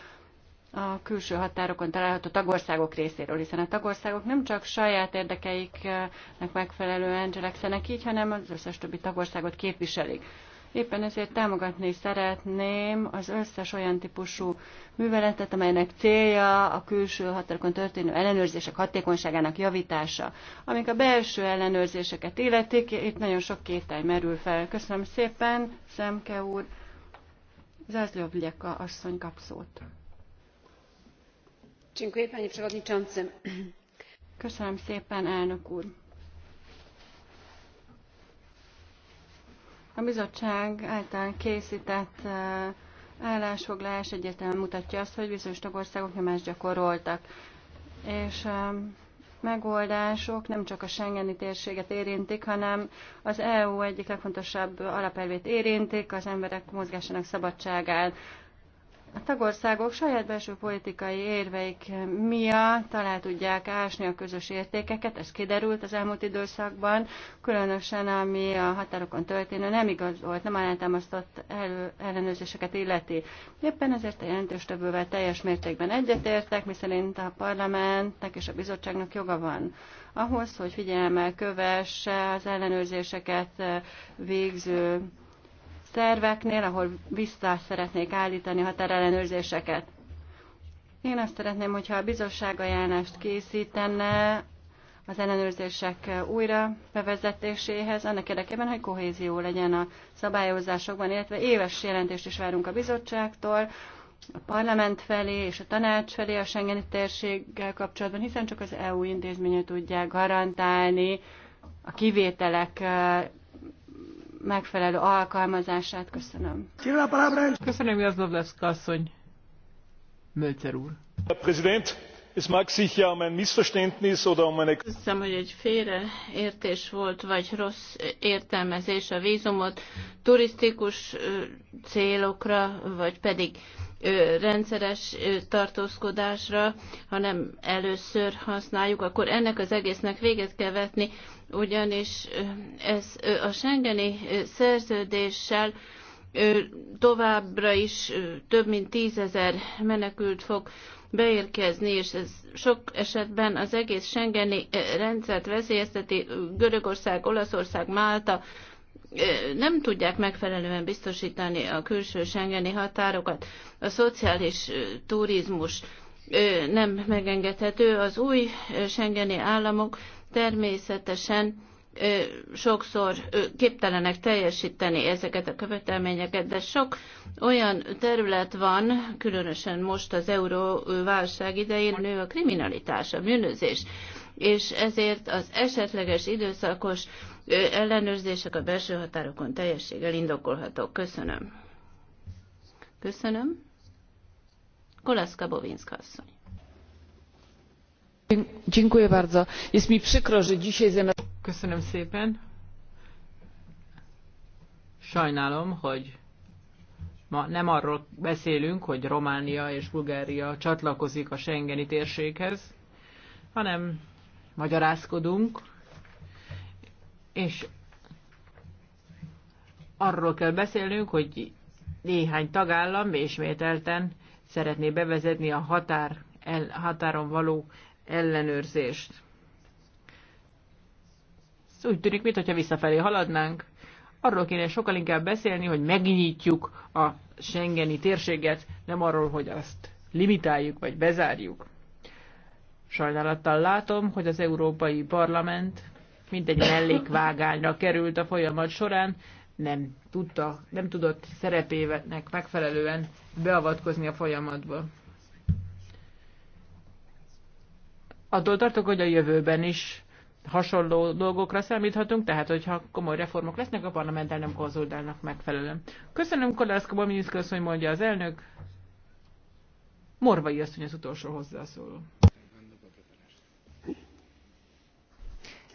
a külső határokon található tagországok részéről, hiszen a tagországok nem csak saját érdekeiknek megfelelően cselekszenek így, hanem az összes többi tagországot képviselik. Éppen ezért támogatni szeretném az összes olyan típusú műveletet, amelynek célja a külső határokon történő ellenőrzések hatékonyságának javítása. Amik a belső ellenőrzéseket illetik, itt nagyon sok kétel merül fel. Köszönöm szépen, Szemke úr. Zászlóvlyeka asszony kap szót. Köszönöm szépen, elnök úr A bizottság által készített állásfoglalás egyetem mutatja azt, hogy bizonyos tagországok nyomást gyakoroltak. És megoldások nem csak a Schengeni térséget érintik, hanem az EU egyik legfontosabb alapelvét érintik, az emberek mozgásának szabadságát. A tagországok saját belső politikai érveik miatt talán tudják ásni a közös értékeket, ez kiderült az elmúlt időszakban, különösen ami a határokon történő nem igazolt, nem alátámasztott ellenőrzéseket illeti. Éppen ezért a többővel teljes mértékben egyetértek, miszerint a parlamentnek és a bizottságnak joga van ahhoz, hogy figyelemmel kövesse az ellenőrzéseket végző szerveknél, ahol vissza szeretnék állítani határellenőrzéseket. Én azt szeretném, hogyha a bizottság ajánlást készítene az ellenőrzések újra bevezetéséhez, annak érdekében, hogy kohézió legyen a szabályozásokban, illetve éves jelentést is várunk a bizottságtól, a parlament felé és a tanács felé a Schengeni térséggel kapcsolatban, hiszen csak az EU intézménye tudják garantálni a kivételek megfelelő alkalmazását. Köszönöm. Köszönöm, lesz kasszony. Mölcer úr. Prezident, es mag sich um ein Missverständnis oder um eine... Hiszem, hogy egy értés volt, vagy rossz értelmezés a vízumot turisztikus célokra, vagy pedig rendszeres tartózkodásra, hanem először használjuk, akkor ennek az egésznek véget kell vetni, ugyanis ez a Schengeni szerződéssel továbbra is több mint tízezer menekült fog beérkezni, és ez sok esetben az egész Schengeni rendszert veszélyezteti Görögország, Olaszország, Málta, nem tudják megfelelően biztosítani a külső Schengeni határokat. A szociális turizmus nem megengedhető. Az új Schengeni államok természetesen sokszor képtelenek teljesíteni ezeket a követelményeket, de sok olyan terület van, különösen most az euróválság idején nő a kriminalitás, a bűnözés és ezért az esetleges időszakos ellenőrzések a belső határokon teljességgel indokolhatók. Köszönöm. Köszönöm. Kolaszka Bovinska asszony. Dziękuję bardzo. Jest mi przykro, że dzisiaj zamiast... Köszönöm szépen. Sajnálom, hogy ma nem arról beszélünk, hogy Románia és Bulgária csatlakozik a Schengeni térséghez, hanem magyarázkodunk, és arról kell beszélnünk, hogy néhány tagállam ismételten szeretné bevezetni a határ, el, határon való ellenőrzést. Ez úgy tűnik, mintha visszafelé haladnánk. Arról kéne sokkal inkább beszélni, hogy megnyitjuk a Schengeni térséget, nem arról, hogy azt limitáljuk vagy bezárjuk. Sajnálattal látom, hogy az Európai Parlament mindegy mellékvágányra került a folyamat során, nem, tudta, nem tudott szerepének megfelelően beavatkozni a folyamatba. Attól tartok, hogy a jövőben is hasonló dolgokra számíthatunk, tehát hogyha komoly reformok lesznek, a parlamentel nem konzultálnak megfelelően. Köszönöm Kodászka Bominiszka, hogy mondja az elnök. Morvai asszony az utolsó hozzászóló.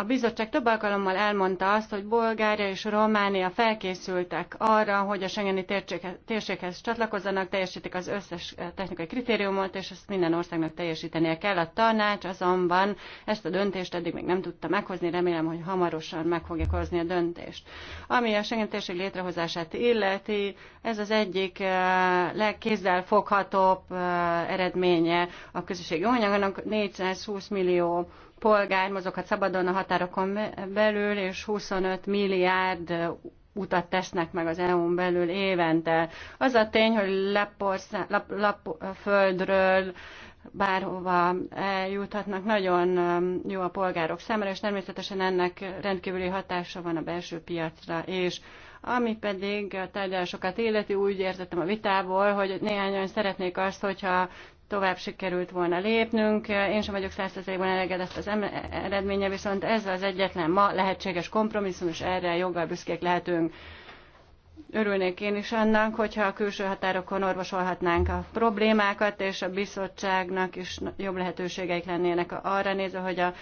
a bizottság több alkalommal elmondta azt, hogy Bulgária és Románia felkészültek arra, hogy a Schengeni térséghez, csatlakozzanak, teljesítik az összes eh, technikai kritériumot, és ezt minden országnak teljesítenie kell. A tanács azonban ezt a döntést eddig még nem tudta meghozni, remélem, hogy hamarosan meg fogják hozni a döntést. Ami a Schengeni térség létrehozását illeti, ez az egyik eh, legkézzel foghatóbb eh, eredménye a közösségi anyagának 420 millió polgár mozoghat szabadon a határokon belül, és 25 milliárd utat tesznek meg az EU-n belül évente. Az a tény, hogy Laporszá, lap, földről bárhova juthatnak, nagyon um, jó a polgárok számára, és természetesen ennek rendkívüli hatása van a belső piacra, és ami pedig a tárgyalásokat illeti, úgy értettem a vitából, hogy néhányan szeretnék azt, hogyha tovább sikerült volna lépnünk. Én sem vagyok százszerzelékben elégedett az eredménye, viszont ez az egyetlen ma lehetséges kompromisszum, és erre joggal büszkék lehetünk. Örülnék én is annak, hogyha a külső határokon orvosolhatnánk a problémákat, és a bizottságnak is jobb lehetőségeik lennének arra nézve, hogy a,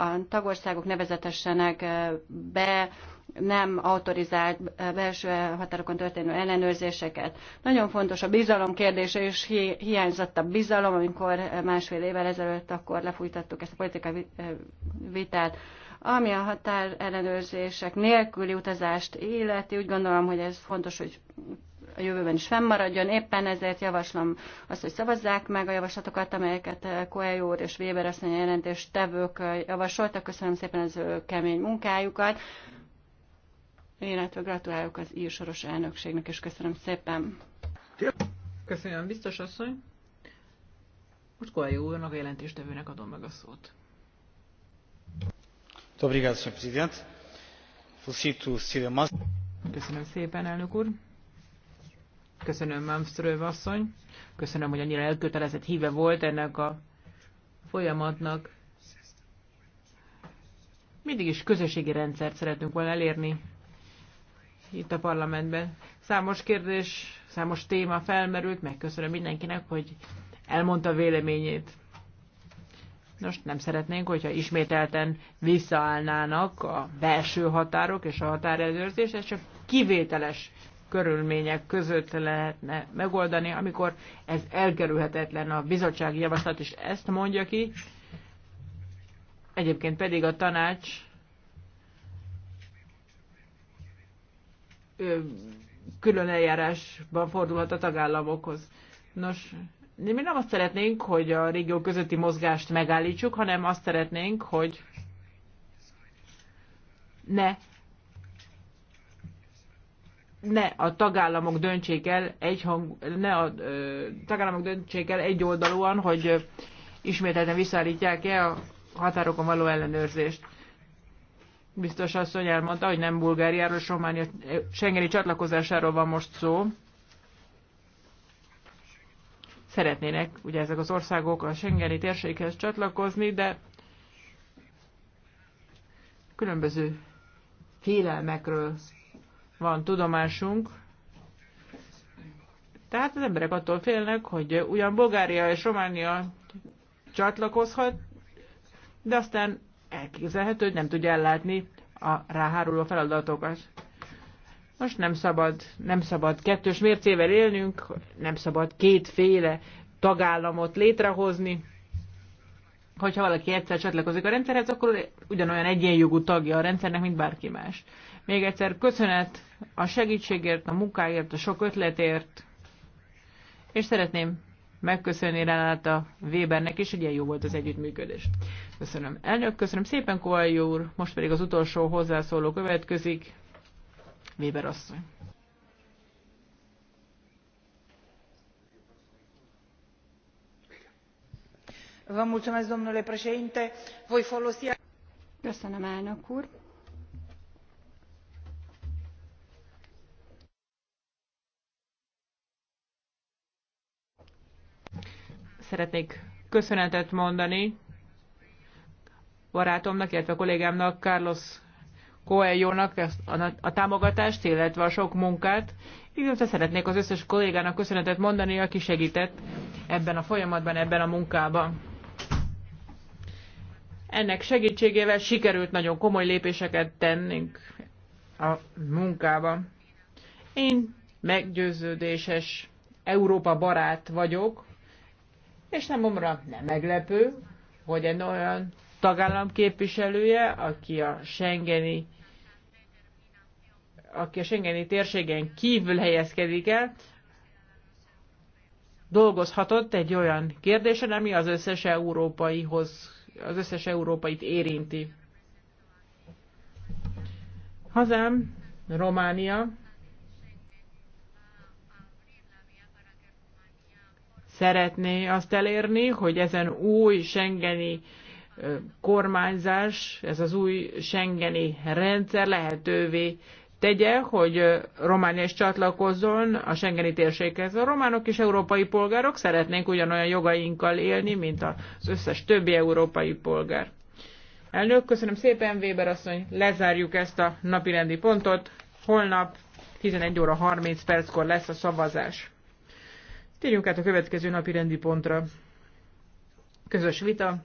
a tagországok nevezetessenek eh, be nem autorizált belső határokon történő ellenőrzéseket. Nagyon fontos a bizalom kérdése, és hi- hiányzott a bizalom, amikor másfél évvel ezelőtt akkor lefújtattuk ezt a politikai vitát. Ami a határ ellenőrzések nélküli utazást illeti, úgy gondolom, hogy ez fontos, hogy a jövőben is fennmaradjon. Éppen ezért javaslom azt, hogy szavazzák meg a javaslatokat, amelyeket Coelho úr és Weber asszony jelentéstevők tevők javasoltak. Köszönöm szépen az ő kemény munkájukat illetve gratulálok az írsoros elnökségnek, és köszönöm szépen. Köszönöm, biztos asszony. Most jó, úrnak, a jelentéstevőnek adom meg a szót. Köszönöm szépen, elnök úr. Köszönöm, Malmström asszony. Köszönöm, hogy annyira elkötelezett híve volt ennek a folyamatnak. Mindig is közösségi rendszert szeretünk volna elérni itt a parlamentben. Számos kérdés, számos téma felmerült, megköszönöm mindenkinek, hogy elmondta véleményét. Most nem szeretnénk, hogyha ismételten visszaállnának a belső határok és a határelőrzés, ez csak kivételes körülmények között lehetne megoldani, amikor ez elkerülhetetlen a bizottsági javaslat, is ezt mondja ki. Egyébként pedig a tanács külön eljárásban fordulhat a tagállamokhoz. Nos, mi nem azt szeretnénk, hogy a régió közötti mozgást megállítsuk, hanem azt szeretnénk, hogy ne, ne a tagállamok döntsék el egy hang, ne a ö, tagállamok döntsék el egyoldalúan, hogy ö, ismételten visszaállítják-e a határokon való ellenőrzést biztos asszony elmondta, hogy nem Bulgáriáról, és Románia Schengeni csatlakozásáról van most szó. Szeretnének ugye ezek az országok a Schengeni térséghez csatlakozni, de különböző félelmekről van tudomásunk. Tehát az emberek attól félnek, hogy ugyan Bulgária és Románia csatlakozhat, de aztán elképzelhető, hogy nem tudja ellátni a ráháruló feladatokat. Most nem szabad, nem szabad kettős mércével élnünk, nem szabad kétféle tagállamot létrehozni. Hogyha valaki egyszer csatlakozik a rendszerhez, akkor ugyanolyan egyenjogú tagja a rendszernek, mint bárki más. Még egyszer köszönet a segítségért, a munkáért, a sok ötletért, és szeretném megköszönni a Webernek is, hogy ilyen jó volt az együttműködés. Köszönöm. Elnök, köszönöm szépen, Kovály úr. Most pedig az utolsó hozzászóló következik. Weber asszony. köszönöm elnök úr szeretnék köszönetet mondani barátomnak, illetve a kollégámnak, Carlos Coelho-nak a támogatást, illetve a sok munkát, illetve szeretnék az összes kollégának köszönetet mondani, aki segített ebben a folyamatban, ebben a munkában. Ennek segítségével sikerült nagyon komoly lépéseket tennünk a munkában. Én meggyőződéses Európa barát vagyok, és nem omra nem meglepő, hogy egy olyan tagállam képviselője, aki a Schengeni aki a Schengeni térségen kívül helyezkedik el, dolgozhatott egy olyan kérdésen, ami az összes európaihoz, az összes európait érinti. Hazám, Románia, szeretné azt elérni, hogy ezen új Schengeni kormányzás, ez az új Schengeni rendszer lehetővé tegye, hogy Románia is csatlakozzon a Schengeni térséghez. A románok és európai polgárok szeretnénk ugyanolyan jogainkkal élni, mint az összes többi európai polgár. Elnök, köszönöm szépen, Weber asszony, lezárjuk ezt a napirendi pontot. Holnap 11 óra 30 perckor lesz a szavazás. Térjünk át a következő napirendi pontra. Közös vita,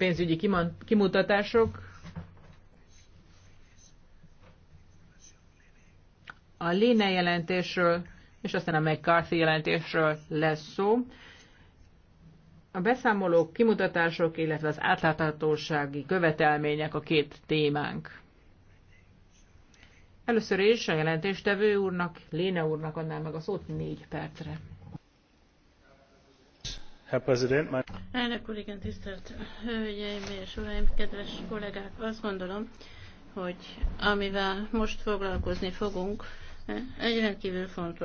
pénzügyi kimutatások. A Léne jelentésről és aztán a McCarthy jelentésről lesz szó. A beszámolók, kimutatások, illetve az átláthatósági követelmények a két témánk. Először is a jelentéstevő úrnak, Léne úrnak adnám meg a szót négy percre. Elnök úr, igen, tisztelt hölgyeim és uraim, kedves kollégák, azt gondolom, hogy amivel most foglalkozni fogunk, egy rendkívül fontos.